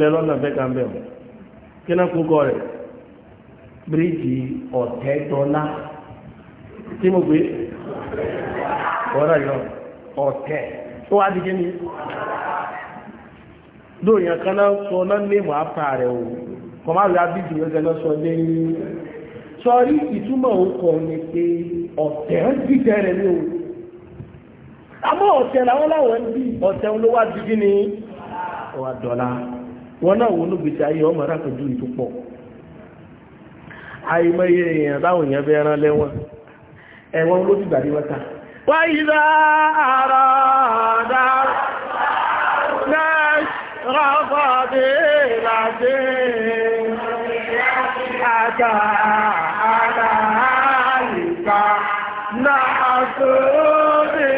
bẹ lọ́nà bẹ́ka ń bẹ̀ mọ́ kí náà kó kọ rẹ̀ bíríìjì ọ̀tẹ́ dọ́là tí mo gbé ọ̀rọ̀ yọ ọ̀tẹ́ tó wá di kíni lóòyàn kan náà sọ náà ní ìmọ̀ apá rẹ̀ o kọ̀ máa rí abíjì lọ́sẹ̀ náà sọ dé ní sọrí ìtumọ̀ òkò ni pé ọ̀tẹ̀ jíjẹ rẹ̀ ní o àmọ́ ọ̀tẹ̀ làwọn láwọn ń bí ọ̀tẹ̀ ló wá di kíni ó wọn náà wọnú gbèsè ayé ọmọ arákùnjú ìtú pọ̀ àìmọye èèyàn táwọn èèyàn fẹ́ rán lẹ́wọ̀n ẹ̀wọ̀n ló ti gbàdí wọ́ta wáyílá ara dára náà rọ́fọ́dé láti àtà àdáyíká náà tó dé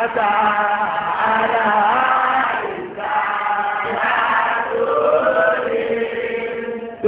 àtà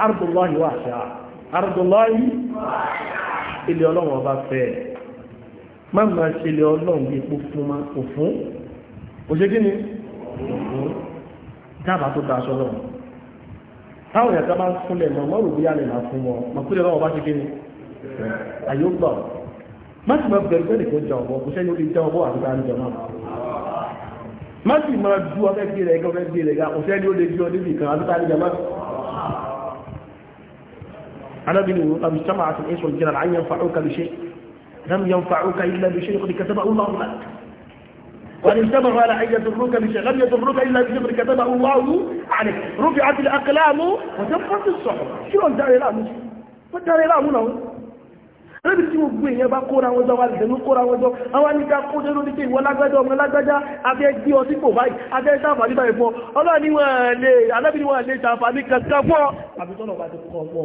ardullahi wà ṣá ardullahi ilé ọlọ́run ọba fẹ́ má ma ṣe ilé ọlọ́run bí epo fún ma kò fún òṣè kí ni dábàá tó dáa sọ́lọ́run táwọn ìyàtọ̀ bá ń fúnlẹ̀ mọ́ mọ́rù bí alẹ́ máa fún wọn mọ̀ kúlẹ̀ lọ́wọ́ bá ṣe kí ni àyè ó gbọ́ má sì máa bẹ̀rù bẹ́ẹ̀ nìkan jẹ ọ̀bọ kò sẹ́ni ó lè jẹ ọ̀bọ àti bá ń má sì máa ju ọfẹ́ gbé rẹ̀ gẹ́gẹ́ ọfẹ́ gbé rẹ̀ gá kò ó lè ju ọdún nìkan àti bá ń anábì ni lam samaat al-ins wal jinni an yanfa'uka bi shay' lam yanfa'uka illa bi shay' qad katabahu Allahu lak وإن اجتمعوا على أن يضروك بشيء لم يضروك إلا بشيء كتبه الله عليك رفعت الأقلام وجفت الصحف شو أنت داري لا مش فداري لا منا lóbi tí mo gbé yẹn bá kóra wọn jọ wà lẹ́nu kóra wọn jọ àwọn ẹni ká kó dé lórí pé ìwọ lágbájá ọmọ lágbájá abẹ́ gbé ọ sípò báyìí abẹ́ sáfàní báyìí fún ọ ọlọ́ọ̀ni wọn lè alábìnrin wọn lè sáfàní kankan fún ọ àbí tọ́lọ̀ bá ti kọ́ ọ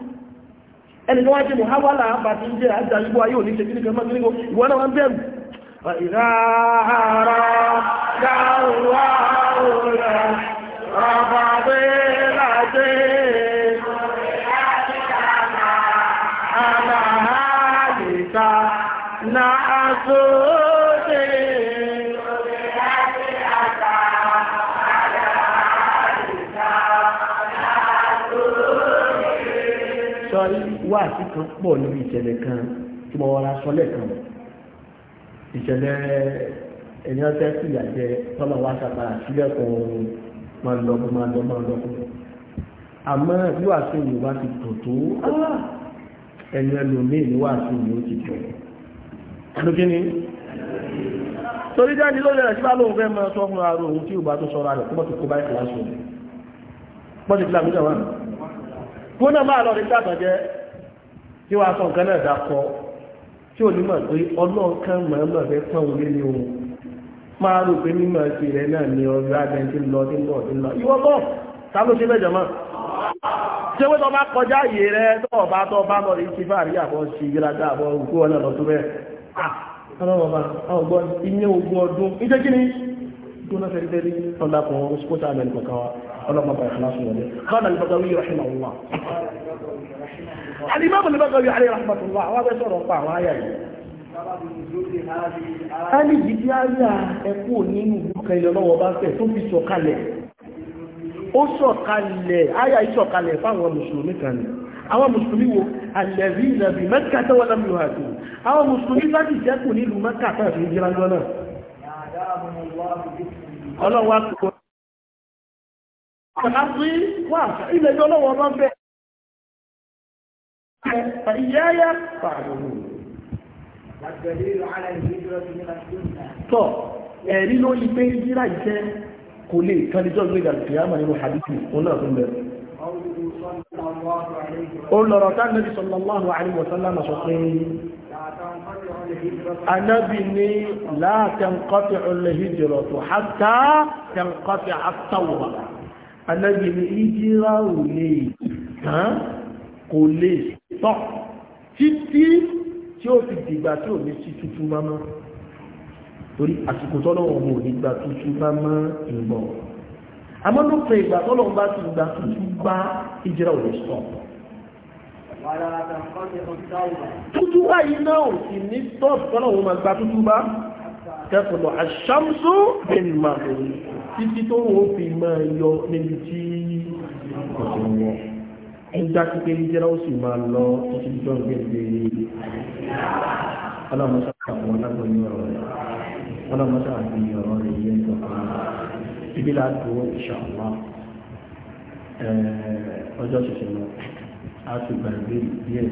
ẹni tó wá jẹ́ mọ̀háwálà àbàtí jẹ́ àjà ìgbó ayé òní ṣe kíníkan mọ́ kíníkan ìwọ́n náà wọ́n bẹ̀rù ìrárá dáwà wá àti kan pọ̀ níbi ìṣẹ̀lẹ̀ kan tí mo rọra sọ lẹ́ẹ̀kan ìṣẹ̀lẹ̀ ẹni ọ̀sẹ̀ sì yàjẹ́ tọ́lọ̀ wá ṣàpàrà sílẹ̀ kan máa lọ kó máa lọ máa lọ kó àmọ́ bí wàá sí ìlú bá ti tò tó ah, ẹni ẹlòmíì ni wàá sí ìlú ti tò ẹnu kí ni torí jáde lórí rẹ̀ síbá lóun fẹ́ mọ́ sọ fún ara òun tí ìgbà tó sọ́ra rẹ̀ kọ́mọ́ tó kó báyìí kìláṣì òun pọ́sìtìlá mi jẹ́ wọn kó náà máa lọ rí sáàtàn jẹ́ tí wàá sọ nǹkan náà dàpọ̀ tí onímọ̀ pé ọlọ́ọ̀kan mọ̀ọ́mọ̀ fẹ́ pọ́n òun nínú òun máa rò pé mímọ̀ ti rẹ̀ náà ni ọjọ́ abẹ́ lọ ti lọ ti lọ ìwọ bọ̀ ta ló ṣe bẹ́ẹ̀ jọmọ́ ṣé wọ́n tó bá kọjá yìí rẹ tó bá tó bá lọ rí fàárí àbọ̀ sí gírágá àbọ̀ òkú ọ̀nà lọ tó bẹ́ẹ̀ ọlọ́wọ́ bá ọgbọ́n iye ogun ọdún iṣẹ́ kí ni dúnà fẹ́rẹ́fẹ́rẹ́ ọlọ́pàá wọn الإمام البغوي عليه رحمة الله وهذا سورة الله وهي a ní ìdí ayá ẹkú nínú ìbùkẹ́ ìlọ́lọ́wọ́ bá fẹ́ tó fi sọ̀kalẹ̀ ó sọ̀kalẹ̀ ayá ìsọ̀kalẹ̀ fáwọn mùsùlùmí kan ní àwọn mùsùlùmí wo alẹ́rí ìlẹ̀bí mẹ́kà tẹ́wọ́ lẹ́mìí àti àwọn mùsùlùmí láti jẹ́kù nílùú mẹ́kà tàbí ìjìlájọ́ náà ọlọ́wọ́ فإيايا فاعبدون والدليل على الهجرة من السنة tọ́ ẹ̀rí ló yí pé jíra iṣẹ́ kò lè kánijọ́ gbé gàdùkì àmà nínú hadithi òun náà tún bẹ̀rẹ̀ ó lọ́rọ̀ tá nàbí sallallahu alaihi wa sallam sọ pé anábì ní la tanqati'u al-hijratu hatta tanqati'a at-tawba anábì ní ìjírá ò lè tán kò lè tọ́ títí tí ó fi dìgbà tí ò ní sí tútù mámá torí àsìkò tọ́lọ́wọ́ mò ní gbà tútù mámá ìbọ̀ àmọ́ ló pè ìgbà tọ́lọ́wọ́ bá ti gbà tútù bá ìjírà òní sọ tútù bá yìí náà ò sì ní stọ́ọ̀pù tọ́lọ́wọ́ máa gbà tútù bá tẹ́kùnlọ̀ àṣàmsó bẹ́ẹ̀ni máa nígbà kíkẹ́ níjẹ́ra ó sì máa lọ títí jọ gbẹ̀gbẹ̀ ọlọ́mọṣà àwọn alágbọ̀nyí ọ̀rọ̀ rẹ̀ ọlọ́mọṣà àti ọ̀rọ̀ rẹ̀ yẹn tó fún un ibi láti wọ́n ìṣàwọ́ ọjọ́ ṣẹ̀ṣẹ̀ lọ a ti gbàgbé díẹ̀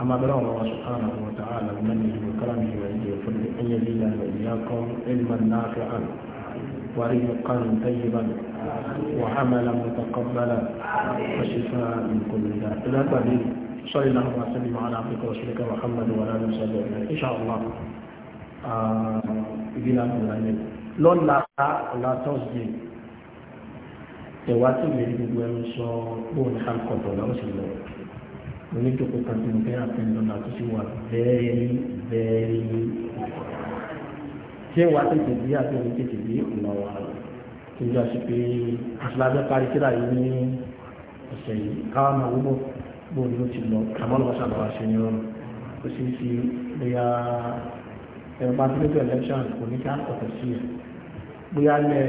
a máa bẹ̀rẹ̀ ọ̀rọ̀ wa sọ̀kánà àwọn ọ̀tá àlàmúlẹ̀ ìlú káràmì ìwà ìjẹ́ fún ẹ̀yẹ líla ìyá kan ẹ̀lìmọ̀ náà fẹ́ àrùn ورزقا طيبا وعملا متقبلا وشفاء من كل داء الى بعدين صلى الله وسلم على عبدك ورسولك محمد وعلى اله وصحبه ان شاء الله ìgbìlá ìgbìlá lọ́la látọ́sí ẹ̀wà tí mi rí gbogbo ẹnu sọ bóun alkọ̀tọ̀ lọ́wọ́ sí lọ oníjókòó kan tí mo fẹ́ àpẹẹrẹ lọ́la tó sì wà very very ṣé wàá tètè bí àti òun tètè bí ìlọ wa tó yọ sí pé àtìlábẹ́ parí kíra yìí ní ọ̀sẹ̀ yìí káwá máa wúbọ̀ bó ni ó ti lọ àmọ́ lọ́wọ́ sábà ṣe ní ọrùn kò sí sí bóyá ẹ̀rọ bá dúró bẹ̀rẹ̀ lẹ́ṣọ̀n kò ní ká ọ̀tọ̀ sí ẹ̀ bóyá lẹ̀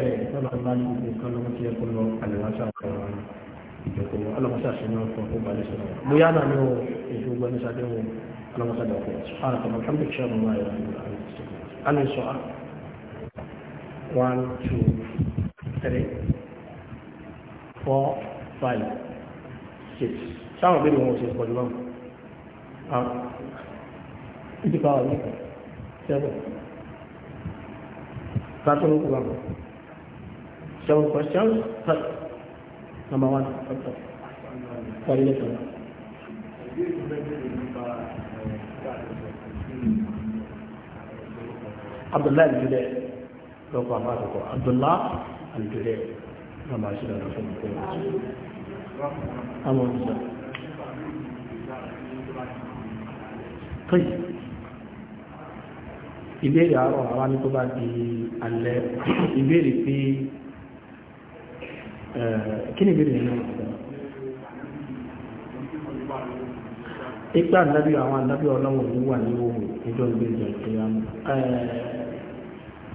lọ́nà bá ní gbogbo nǹkan lọ́wọ́ tí ẹ kó lọ àlèwà sábà ìjọkọ̀ ọlọ́mọṣà ṣe ní ọkọ̀ ó balẹ̀ sọ̀rọ̀ bóyá náà ní o anusua one two three four five six sáwọn bẹ́ẹ̀ ni wọ́n ṣe pọ̀jù báwọn ah ìdí pa ọ̀rẹ́ seven thirteen ní kúrò àwọn seven questions third number one doctor for the next abdullahi aljudẹ lọ́kọ̀ àwọn àtọ̀kọ̀ abdullahi aljudẹ náà máa ṣe lọ́nà fún ìpínlẹ̀ àwọn òṣìṣẹ́ tóyì ìbéèrè àárọ̀ àwọn ní tó bá di alẹ́ ìbéèrè pé kí ni ìbéèrè yẹn náà ipa àdábí àwọn àdábí ọlọ́wọ̀ ní wà ní ohun ìjọ ìgbésẹ̀ ìpínlẹ̀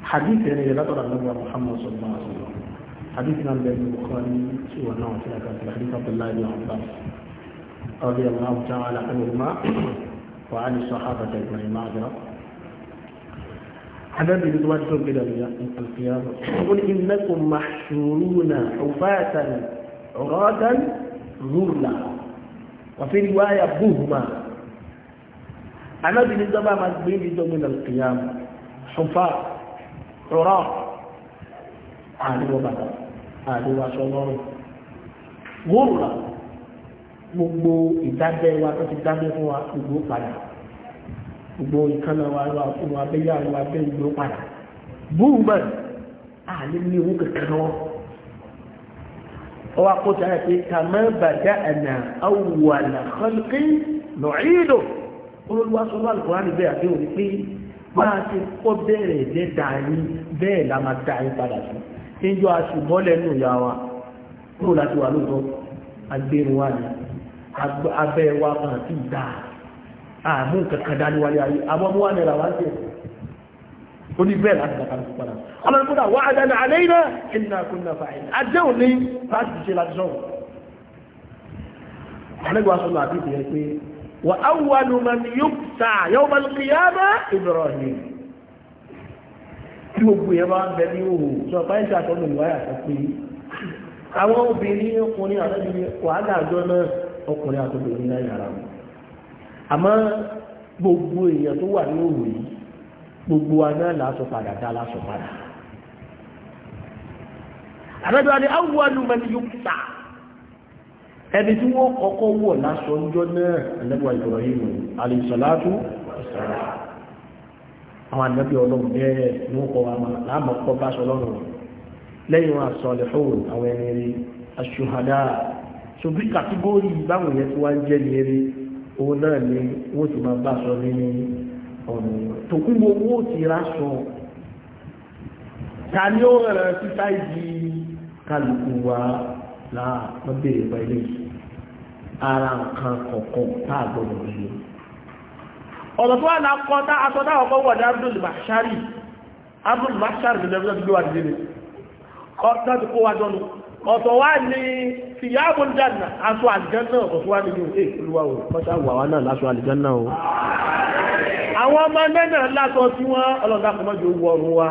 حديث يعني لا ترى النبي محمد صلى الله عليه وسلم حديثنا عن ابن البخاري سوى نوع في حديث عبد الله بن عباس رضي الله تعالى عنهما [CLEARS THROAT] وعن الصحابة أجمعين ابي عذاب يتوجه إلى القيامة قل إنكم محشورون حفاة عراة ذرلا وفي رواية بهما أنا بالنسبة ما بين يوم القيامة حفاة rọrọ àdúgbò bàtà àdúgbò aṣọ lọ́rùn wóòrùlà gbogbo ìdájẹ́ wa tó ti dájẹ́ fún wa gbogbo padà gbogbo ìkànnà wa lọ fún wa bẹ́yà wa bẹ́ gbogbo padà búùmọ̀ àlè ní owó kankan náà ọwọ́ akóso ara pé kàmá bàjá ẹ̀nà awùwàlà kọ́lùkì lọ́ọ̀ìdò olùwàsọ́lá alùpùpù rà níbẹ̀ àti òní pé máa ti kọ́ bẹ̀rẹ̀ lẹ́dà yín bẹ́ẹ̀ la máa dá yín padà sí níjọ́ aṣùgbọ́lẹ̀ nù ya wa kúrò láti wà lóòótọ́ agbèrò wa ni abẹ́ wa kan àti ìdá àmú kankan dání wáyé ayé àwọn ọmọ wa nira wá sí ó ní bẹ́ẹ̀ láti dàkà lóṣù padà ọlọ́run kúrò wà á dáná àlẹ́ iná iná kún náà fàáyé àdéhùn ní láti ṣe láti sọ̀rọ̀ وأول من يقطع يوم القيامة إبراهيم gbogbo ẹ̀ máa ń bẹ ní òhù sọ pé ṣe àtọ́nù ìwáyà sọ pé àwọn obìnrin ọkùnrin àtọ́jú wàhálà àjọ náà ọkùnrin àtọ́bìnrin náà yàrá wọn àmọ́ gbogbo èèyàn tó wà ní òhù yìí gbogbo wa náà lásọ padà dá lásọ padà àtọ́jú wa ni àwọn àlùmọ́ni ẹni tí wọ́n kọ́kọ́ wọ̀ lásọ ọjọ́ náà ẹlẹ́gbà Ibrahim alìsàlátú ìsàlá àwọn ànábì ọlọ́run bẹ́ẹ̀ ní wọ́n kọ́ wa máa láàmọ́ kọ́ bá sọ lọ́rùn lẹ́yìn wọn àsọ̀lẹ̀hùn àwọn ẹni rí aṣùhàdá ṣùgbí kàtígórì báwọn yẹn tí wọ́n jẹ́ ní eré òun náà ni wọ́n ti máa bá sọ ní ọ̀nà tòkú owó ti rà ta ni ó rẹ̀ sísáìdì kálukú wa láà wọ́n béèrè pẹ̀lú ara nǹkan kọ̀ọ̀kan tá a gbọ́dọ̀ o ọ̀rọ̀ tó wà ní akọ tá a sọ táwọn ọkọ̀ wọ̀ ní Abdul Bashari Abdul Bashari ní ẹgbẹ́ tó wà nílé ọ̀tọ́ ti kó wa jọnu ọ̀tọ̀ wá ní fìyàbò jàǹdà aṣọ àlìjánná ọ̀tọ̀ wá nínú èyí olúwa o kọ́ṣà wà wá náà láṣọ àlìjánná o àwọn ọmọ náà láṣọ tí wọ́n ọlọ́dà kọ́mọ́jọ wọ̀ ọ̀run wa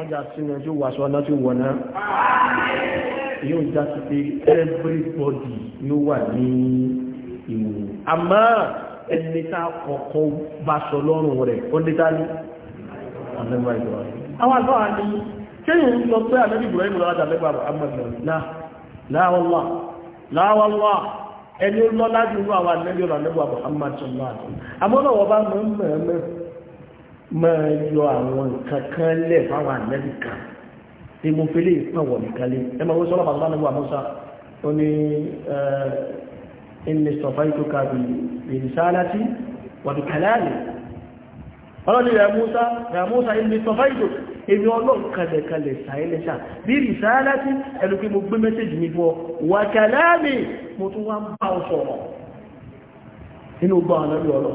wọ́n já sínú ẹjọ́ wàṣọ aláṣọ wọ̀nà yóò já sí pé everybody ló wà ní ìwò àmọ́ ẹni tá kọ̀ọ̀kan bá sọ lọ́rùn rẹ̀ ó dé dání àlẹ́gbà ìjọba àwọn àgbà ni kéyìn ń lọ pé àlẹ́bí Ibrahim lọ́wọ́ àtàlẹ́gbà Muhammad náà láwọ́lá láwọ́lá ẹni ó lọ́lá jù ní àwọn àlẹ́bí ọ̀rọ̀ àlẹ́gbà Muhammad sọ̀rọ̀ àmọ́ náà wọ́n bá mọ̀ mọ̀ mọ̀ máa yọ àwọn nǹkan kan lẹ̀ fáwọn ànẹ́bì kan tí mo fi lè pọ̀ wọ̀ nìkan lé ẹ máa wọ́n sọ́lá bàbá náà wà mọ́sá ó ní ẹni sọ̀fà yìí tó ka bí ìrìnsálásí wàbí kàláàlì ọlọ́ni rẹ̀ Musa rẹ̀ Musa ilmi sọfáìdò èmi ọlọ́run kalẹ̀kalẹ̀ sàílẹ́sà bí rìsáálá tí ẹlùkí mo gbé mẹ́sẹ̀jì mi fọ́ wà kàláàmì mo tún wá ń bá ọ sọ̀rọ̀ nínú gbọ́ ọ̀nà lọ́rọ̀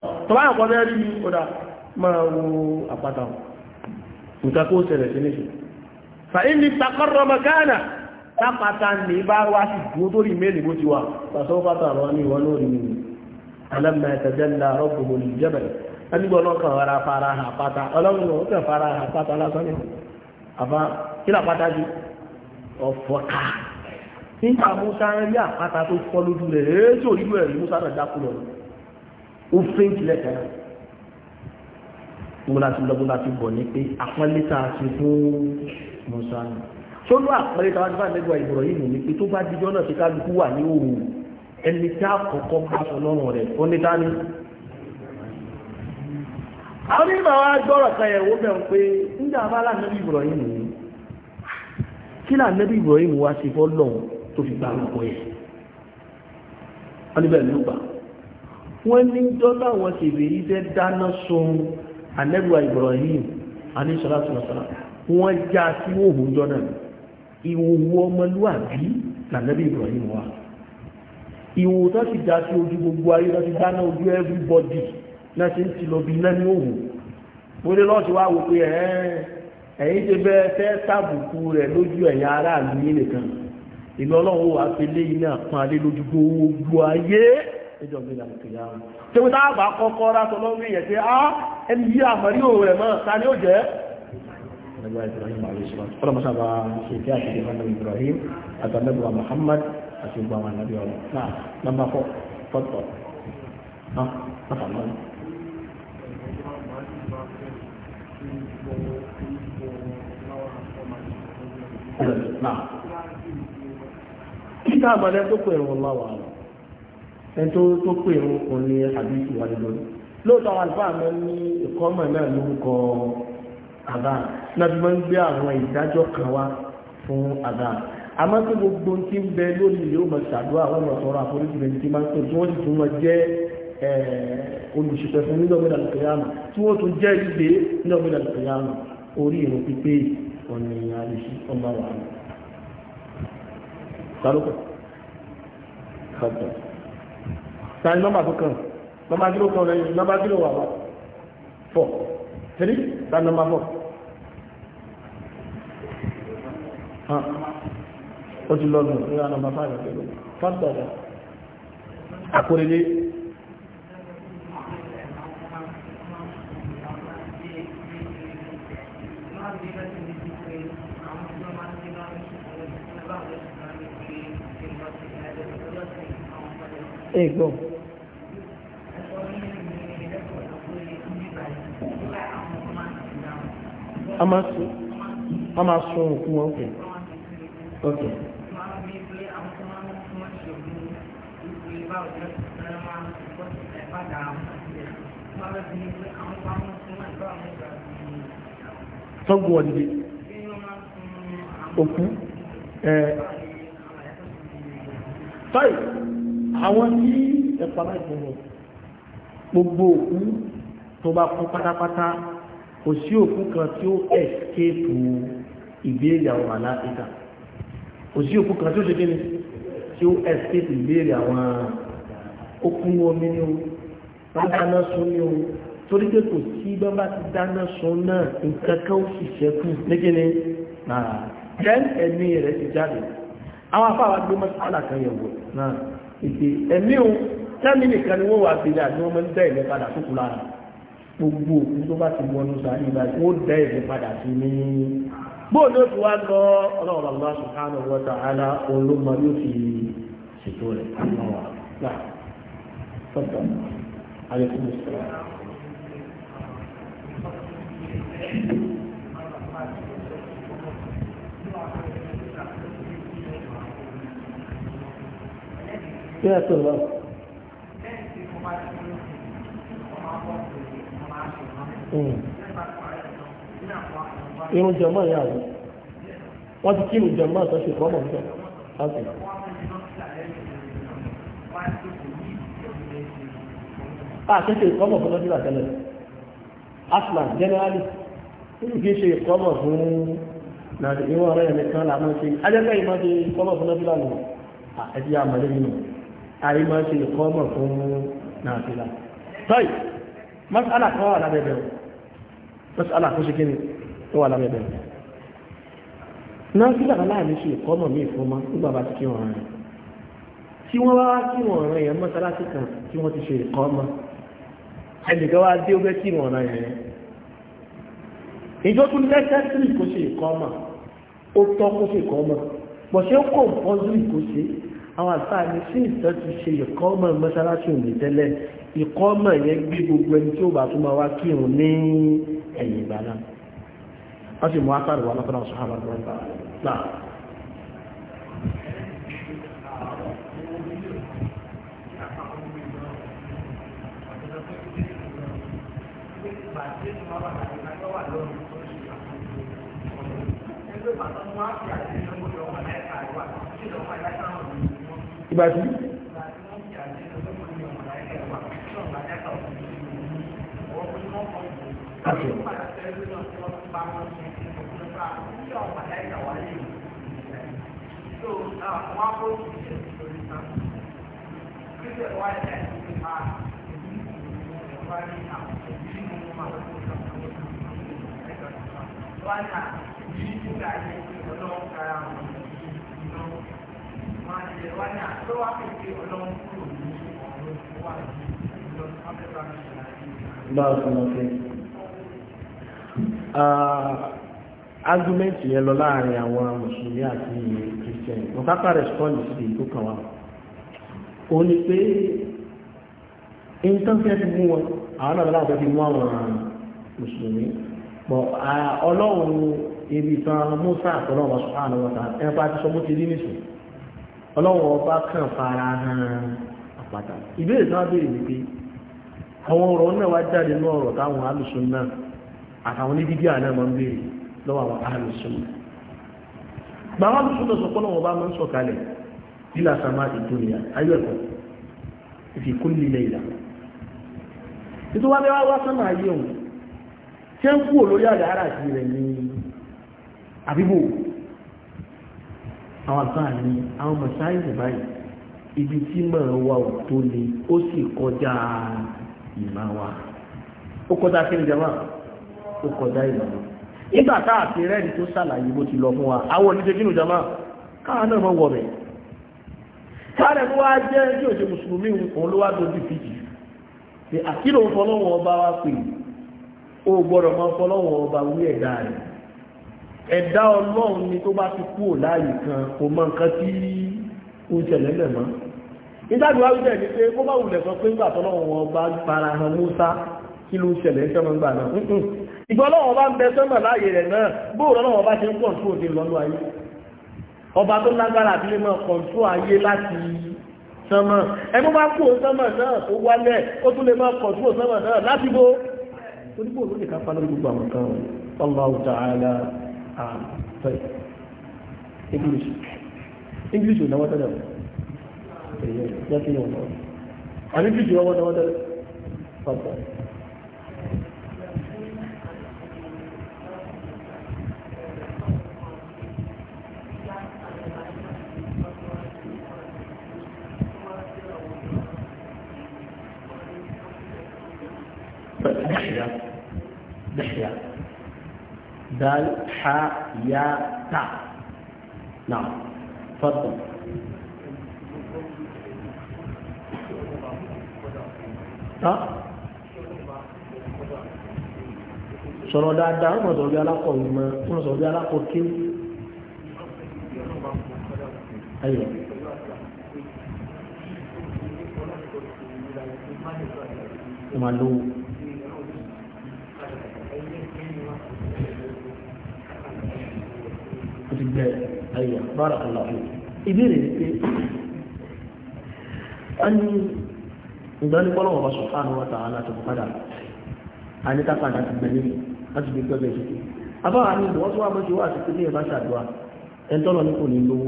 tó bá nǹkan bẹ́ẹ̀ rí mi kódà máa wo àpáta nǹkan kó ṣẹlẹ̀ sí níṣẹ́ fa inni takọ́rọ̀ mọ̀kánà tápàtà ní bá wá sí dúró tó rí mẹ́lì bó ti wà pàṣọ pátá àwọn ní ìwọ́n lórí mi alamma tajalla rabbuhu lil jabal anígbọ́n náà kàn rárá fara hàn pátá ọlọ́run náà ó kàn fara hàn pátá lásán ní àbá kí làpátá nígbà musa rí àpáta tó fọ́ lójú rẹ̀ èé tí ò rí lú ẹ̀rí musa náà dákú ó fẹ́ǹtì lẹ́kàn náà mo láti lọ bó láti bọ̀ ní pé àpọ́nlé a ti fún musa nù sọ́nù àpọ́nlé tá a ti fún àlẹ́gbà ìbọ̀rọ̀ yìí nù ní pé tó bá dijọ́ náà ti kálukú wà ní òwò ẹni tí a kọ́kọ́ bá sọ lọ́rùn rẹ̀ ó ní dání. àwọn onímọ̀ wa gbọ́rọ̀ kan yẹ̀ wó bẹ̀rù pé nígbà bá lànàbí ìbọ̀rọ̀ yìí nù ní kí lànàbí ìbọ̀rọ̀ yìí wá sí fọ́ lọ́hùn tó fi gbà wọ́n ní dọ́là wọn tèbè yìí fẹ́ dáná sun anẹ́gbà Ibrahim anísọ́lásọ́lásọ́lá wọ́n já sí òhun dọ́nà ìwòwò ọmọlúwàbí lànẹ́bí Ibrahim wà ìwò tó ti já sí ojú gbogbo ayé tó ti dáná ojú everybody náà ti ń ti lọ bí iná ní òhun mo lè lọ́ọ̀tí wá wò pé ẹ̀yìn ti bẹ́ fẹ́ tàbùkù rẹ̀ lójú ẹ̀yà aráàlú yìí nìkan ìlọ́lọ́run wà pélé iná kan alé lójú gbogbo ayé níjọ́ gbé ìlànà kìlá wọn. ṣé wọ́n tábà kọ́kọ́ rásọ lọ́wọ́ èèyàn pé á ẹni yí àmọ́rí òun rẹ̀ mọ́ ta ni ó jẹ́. Nàbà Ibrahim Alayhiṣẹ́lá. Fọlọ́ mọ́sá Muhammad àti ìgbà wọn nàbí ọ̀rọ̀. Náà nàbà fọ́ fọ́tọ̀. Náà nàfà mọ́ Kíkà àgbàdẹ́ tó pẹ̀rọ ọláwà rẹ̀ ẹni tó tó pè ń kún ní àdìsí wa lórí lóòótọ́ àwọn àlùfáà mọ́ ní ìkọ́mọ̀ náà lórúkọ àbá náà fi máa ń gbé àwọn ìdájọ́ kan wá fún àbá àmọ́ tó gbogbo ti ń bẹ lórí ìlú ọmọ ṣàdúrà àwọn ọmọ sọ̀rọ̀ àforíjì rẹ̀ ti máa ń pè tí wọ́n sì tún wọn jẹ́ olùṣèpẹ̀ fún nílò ọmọdé àlùkìyàmù tí wọ́n tún jẹ́ ìgbé nílò ọmọdé àlùkìyàmù orí ìrùn pípé ọ̀nà àìsí ọmọ wàhálà tàbí nọ́mbà tó kàn nọ́mbà kílò kan rẹ̀ nọ́mbà kílò wà wá fọ̀ tẹ́lí tàbí nọ́mbà fọ̀ ó ti lọ́nà ìrìnà nọ́mbà fáìlì pẹ̀lú fọ́tọ̀ rẹ̀ àkórèlé Ego. Hey, a máa sún a máa sún òkú wọn pè ok tọ́gbù ọ̀dìdì òkú ẹ̀ tọ́ì àwọn tí ẹ̀pàá láìpẹ̀rẹ̀ gbogbo òkú tó bá kú pátápátá kò sí òkú kan tí ó ẹ̀skéèpù ìbéèrè àwọn aláìka kò sí òkú kan tí ó ṣe kíni tí ó ẹ̀skéèpù ìbéèrè àwọn okùn omi ni o bá dáná sun ni o torí pé kò sí bá bá ti dáná sun náà nǹkan kan ó sì ṣẹ́kù ní kíni jẹ́ ẹ̀mí rẹ̀ ti jáde àwọn afáwà gbé mọ́sálà kan yẹ̀wò náà ìpè ẹ̀mí o tẹ́mi nìkan ni wọ́n wà bílẹ̀ àti wọ́n mọ́ ń bẹ́ẹ̀ lẹ́ padà tó kù gbogbo òkú tó bá ti wọnú sàárì báyìí ó dẹ́ ìlú padà sí ní bóòlù ó ti wá lọ ọlọ́run Allah subhanahu wa ta'ala òun ló mọ yóò fi ṣètò rẹ̀ lọ́wọ́ náà tọ́tọ̀ alẹ́kùn mùsùlùmí. Hmm. irun jẹmọ́ ìyá rẹ̀ wọ́n ti kírun jẹmọ́ àtọ́sí ìfọ́mọ̀ níjọ láti àkẹ́kẹ́ ìfọ́mọ̀ fún lọ́dún àtẹ́lẹ̀ aslan generally nínú kí ṣe ìfọ́mọ̀ fún nàdì ìwọ̀n rẹ̀ nìkan làmọ́ ṣe ajẹ́kẹ́ ìmọ̀ ṣe ìfọ́mọ̀ fún lọ́dún àná àti àmàlẹ́ nínú àìmọ̀ ṣe ìfọ́mọ̀ fún nàdì lá tọ́yì masala kan wà o. mọ́sálà kó ṣe kí ni ó wà lábẹ́ bẹ́ẹ̀ náà sí bàbá láàrin ṣe ìkọ́mọ̀ mí fún ọmọ nígbà bá ti kí wọn rẹ̀ tí wọ́n bá wá kí wọn rẹ̀ yẹn mọ́sálásí kan tí wọ́n ti ṣe ìkọ́mọ̀ ẹnìkan wá dé ó fẹ́ kí wọn rẹ̀ yẹn ìjọ tún lẹ́sẹ̀sìrì kó ṣe ìkọ́mọ̀ ó tọ́ kó ṣe ìkọ́mọ̀ bọ̀ ṣe ó kò pọ́sìrì kó ṣe àwọn àgbà ní sí ìtọ́ ti ṣe ìkọ́mọ̀ mọ́sálásí òní tẹ́lẹ̀ ìkọ́mọ̀ yẹn gbé gbogbo ẹni tí ó bá tún máa wá kírun ní ẹ̀yìn ìgbà náà wọ́n sì mú ákàrù wà lọ́pọ̀ náà sọ́hábà lọ́pọ̀ Ìgbà tí? Ìgbà tí wọ́n Okay. Báwo ni wọ́n fi? Ah, argument yẹn lọ láàrin àwọn mùsùlùmí àti christian wọn kápá respond sí ìlú kan wa ó ní pé intanfẹ́ ti mú wọn àwọn náà láwọn fẹ́ fi mú àwọn mùsùlùmí pọ̀ ah, ọlọ́run ibi tán musa àtọ́lọ́wọ́ sọ́hánà wọn ta ẹ̀fà ti sọ bó ti rí nìṣó ọlọ́run ọba kàn fara hàn àpàtà ìbéèrè tí wọ́n béèrè ni pé àwọn ọ̀rọ̀ náà wá jáde ní ọ̀rọ̀ táwọn alùsùn náà àtàwọn oníbíbí àná máa ń béèrè lọ́wọ́ àwọn àrùn sùnà bàbá tó sọ́dọ̀ sọ́kọ́ náà wọ́n bá máa ń sọ̀kalẹ̀ lílà sàmà ìdúnìyà ayé ẹ̀kọ́ fi kulli layla nítorí wá bẹ́ wá wá sánà ayé òun tí ó ń kú olórí àrẹ ara àti rẹ̀ ní àbíbò àwọn àgbáà ní àwọn mọ̀sáìsì báyìí ibi tí mọ̀ wà ò tó le ó sì kọjá ìmọ̀ ó kọjá kí ni jẹ́ wà ó kọjá ìlànà nígbà táàfi rẹ́ni tó sàlàyé bó ti lọ fún wa àwọn oníṣe kínú jama káà náà mọ́ wọ̀bẹ̀ káàrẹ̀ tó wá jẹ́ tí ṣe mùsùlùmí òun ló wá àkílò ọba wa pè ó gbọ́dọ̀ fọlọ́wọ́ ọba wí ẹ̀dá rẹ̀ ẹ̀dá ọlọ́run ni tó bá ti kú láàyè kan kò mọ nǹkan tí ó ń ṣẹlẹ̀ mọ́ wa ni pé ó ọba fara ìgbọ́n lọ́wọ́ bá ń bẹ sọ́mọ̀ láàyè rẹ̀ náà bóòrọ̀ lọ́wọ́ bá ṣe ń kọ̀ǹtú òde lọ́lú ayé ọba tó lágbára àti lè mọ̀ kọ̀ǹtú ayé láti sọ́mọ̀ ẹgbọ́n bá kú sọ́mọ̀ náà tó wálẹ̀ ó tún lè mọ̀ kọ̀ǹtú sọ́mọ̀ náà láti bó onígbò ló lè ká pa lórí gbogbo àwọn kan Allahu ta'ala àfẹ́ English English ò náwó tẹ́lẹ̀ ẹ̀yẹ́ yẹ́ kí ni ọ̀nà àbí fíjì ọwọ́ náwó tẹ́lẹ̀ دحية دحية دال حاء يا تاء نعم تفضل sọ̀rọ̀ dáadáa wọ́n sọ̀rọ̀ bí alákọ̀ ìmọ̀ wọ́n sọ̀rọ̀ bí alákọ̀ kí ayọ̀ ìmàlówó ti gbẹ ayọ̀ bára ọ̀la fún ìbéèrè ni pé a ní ìgbani kọ́lọ́wọ́ bá subhanahu wa ta'ala tó padà a ní kápá àti gbẹ ní láti gbé pẹ́ẹ́bẹ́ sí abá àmì ìwọ́n tó wà mọ́jú wà sí pé ní ẹ̀bá ṣàdúrà ẹni tọ́lọ ní kò ní lówó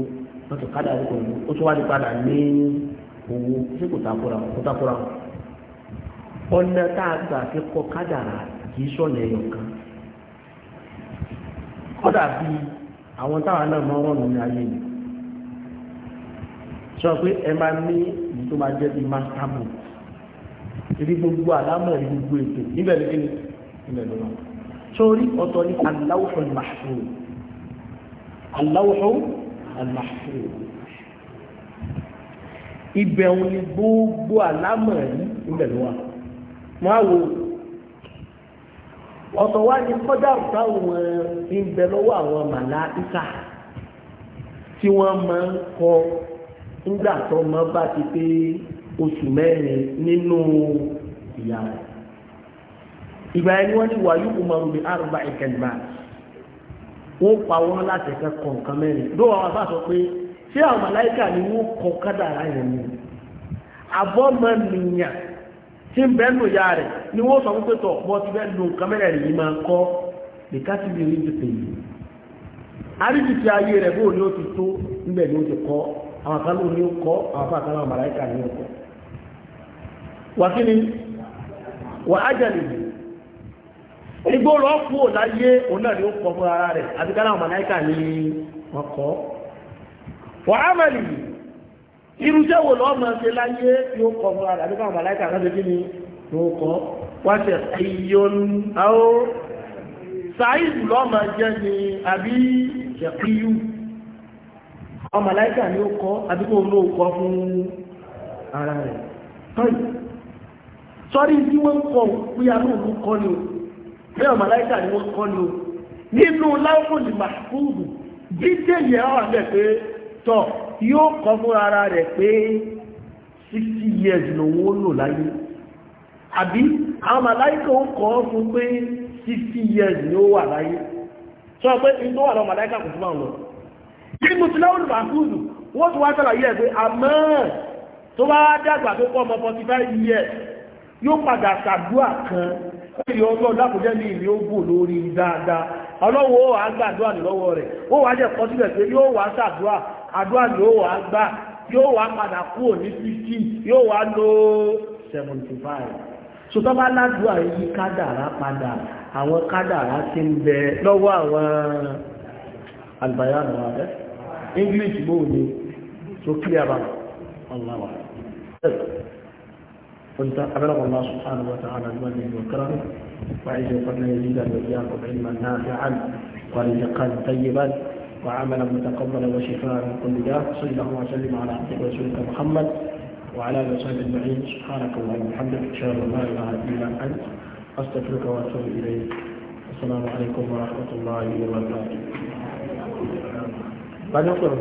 wọ́n àwọn táwọn náà mọ́ wọ́n nínú ayé ni sọ pé ẹ máa ní ìlú tó máa jẹ́ bí master book ibi gbogbo àlámọ̀ ibi gbogbo ètò níbẹ̀ ní kíni níbẹ̀ ló máa sórí ọ̀tọ̀ ní aláwùsọ̀ màṣúù aláwùsọ̀ màṣúù ibẹ̀ òun ni gbogbo àlámọ̀ yìí níbẹ̀ ló wà máa wo Ọtọ wá fọdụ kọjá táwọn ìbẹ̀ lọ́wọ́ àwọn màláíkà tí wọ́n máa ń kọ nígbà tó ma bá ti pé oṣù mẹ́rin nínú ìyá rẹ̀ ìgbà yẹn ni wọ́n umaru wọ́n pa wọ́n láti ẹ̀ka kọ̀ọ̀kan mẹ́rin sọ pé ṣé àwọn ni wọ́n kọ kádàrá yẹn ni máa nìyàn. tí ń bẹ́ẹ̀ lò ya rẹ̀ ni wọ́n sọ wípé tọ̀ mọ́ ti bẹ́ẹ̀ lo kámẹ́rà rẹ̀ yìí máa kọ́ ti rí oríṣi pè yìí ti ayé rẹ̀ bóò ni ó ti tó níbẹ̀ ni ó ti kọ́ àwọn kan ní ó kọ́ àwọn kan kan láwọn wà kí ni wà á jẹ nìyí igbó lọ kú ò láyé òun ara rẹ̀ àti irúṣẹ́ wo lọ́ọ́ máa ṣe láyé yóò kọ́ fún ara nípa àwọn àláìka kan ṣe kí ni yóò kọ́ wá ṣe ìyọnu àó ṣáìsì lọ́ọ́ máa jẹ́ ni àbí ṣẹ̀kíyù àwọn àláìka ni ó kọ́ àbí ló kọ́ fún ara rẹ̀ sọ́rí tí wọ́n kọ́ pé alóòlù kọ́ ni o pé àwọn àláìka ni wọ́n kọ́ ni o nínú láwọn olùmọ̀ àkúrù dídé yẹn wà bẹ́ẹ̀ pé tọ́ yóò kọ́ fún ara rẹ̀ pé 60 years lòun ó lò láyé àbí àwọn màláìkà ó kọ́ fún pé 60 years ni ó wà láyé sọ pé ní tó wà lọ màláìkà kò fún àwọn lọ kí mo ti láwọn olùbàkúrù wọ́n ti wá sàlàyé ẹ̀ pé àmọ́ tó bá dàgbà tó pọ̀ mọ́ 45 years yóò padà sàdúà kan ìyọ ọlọ́run lákòjẹ́ ní ogun lórí dáadáa ọlọ́wọ́ ó wà lọ́wọ́ rẹ̀ ó wà jẹ́ kọ́ sílẹ̀ pé yóò wà ni ó wà gbà yóò wà padà yóò wà yí kádàrá padà àwọn kádàrá ti ń bẹ lọ́wọ́ àwọn English كنت أبلغ الله سبحانه وتعالى بمنه وكرمه وعز أن يزيد وإياكم علما نافعا ورزقا طيبا وعملا متقبلا وشفاء من كل داء صلى الله وسلم على عبدك ورسولك محمد وعلى اله وصحبه اجمعين سبحانك اللهم وبحمدك اشهد ان لا اله الا انت استغفرك واتوب اليك السلام عليكم ورحمه الله وبركاته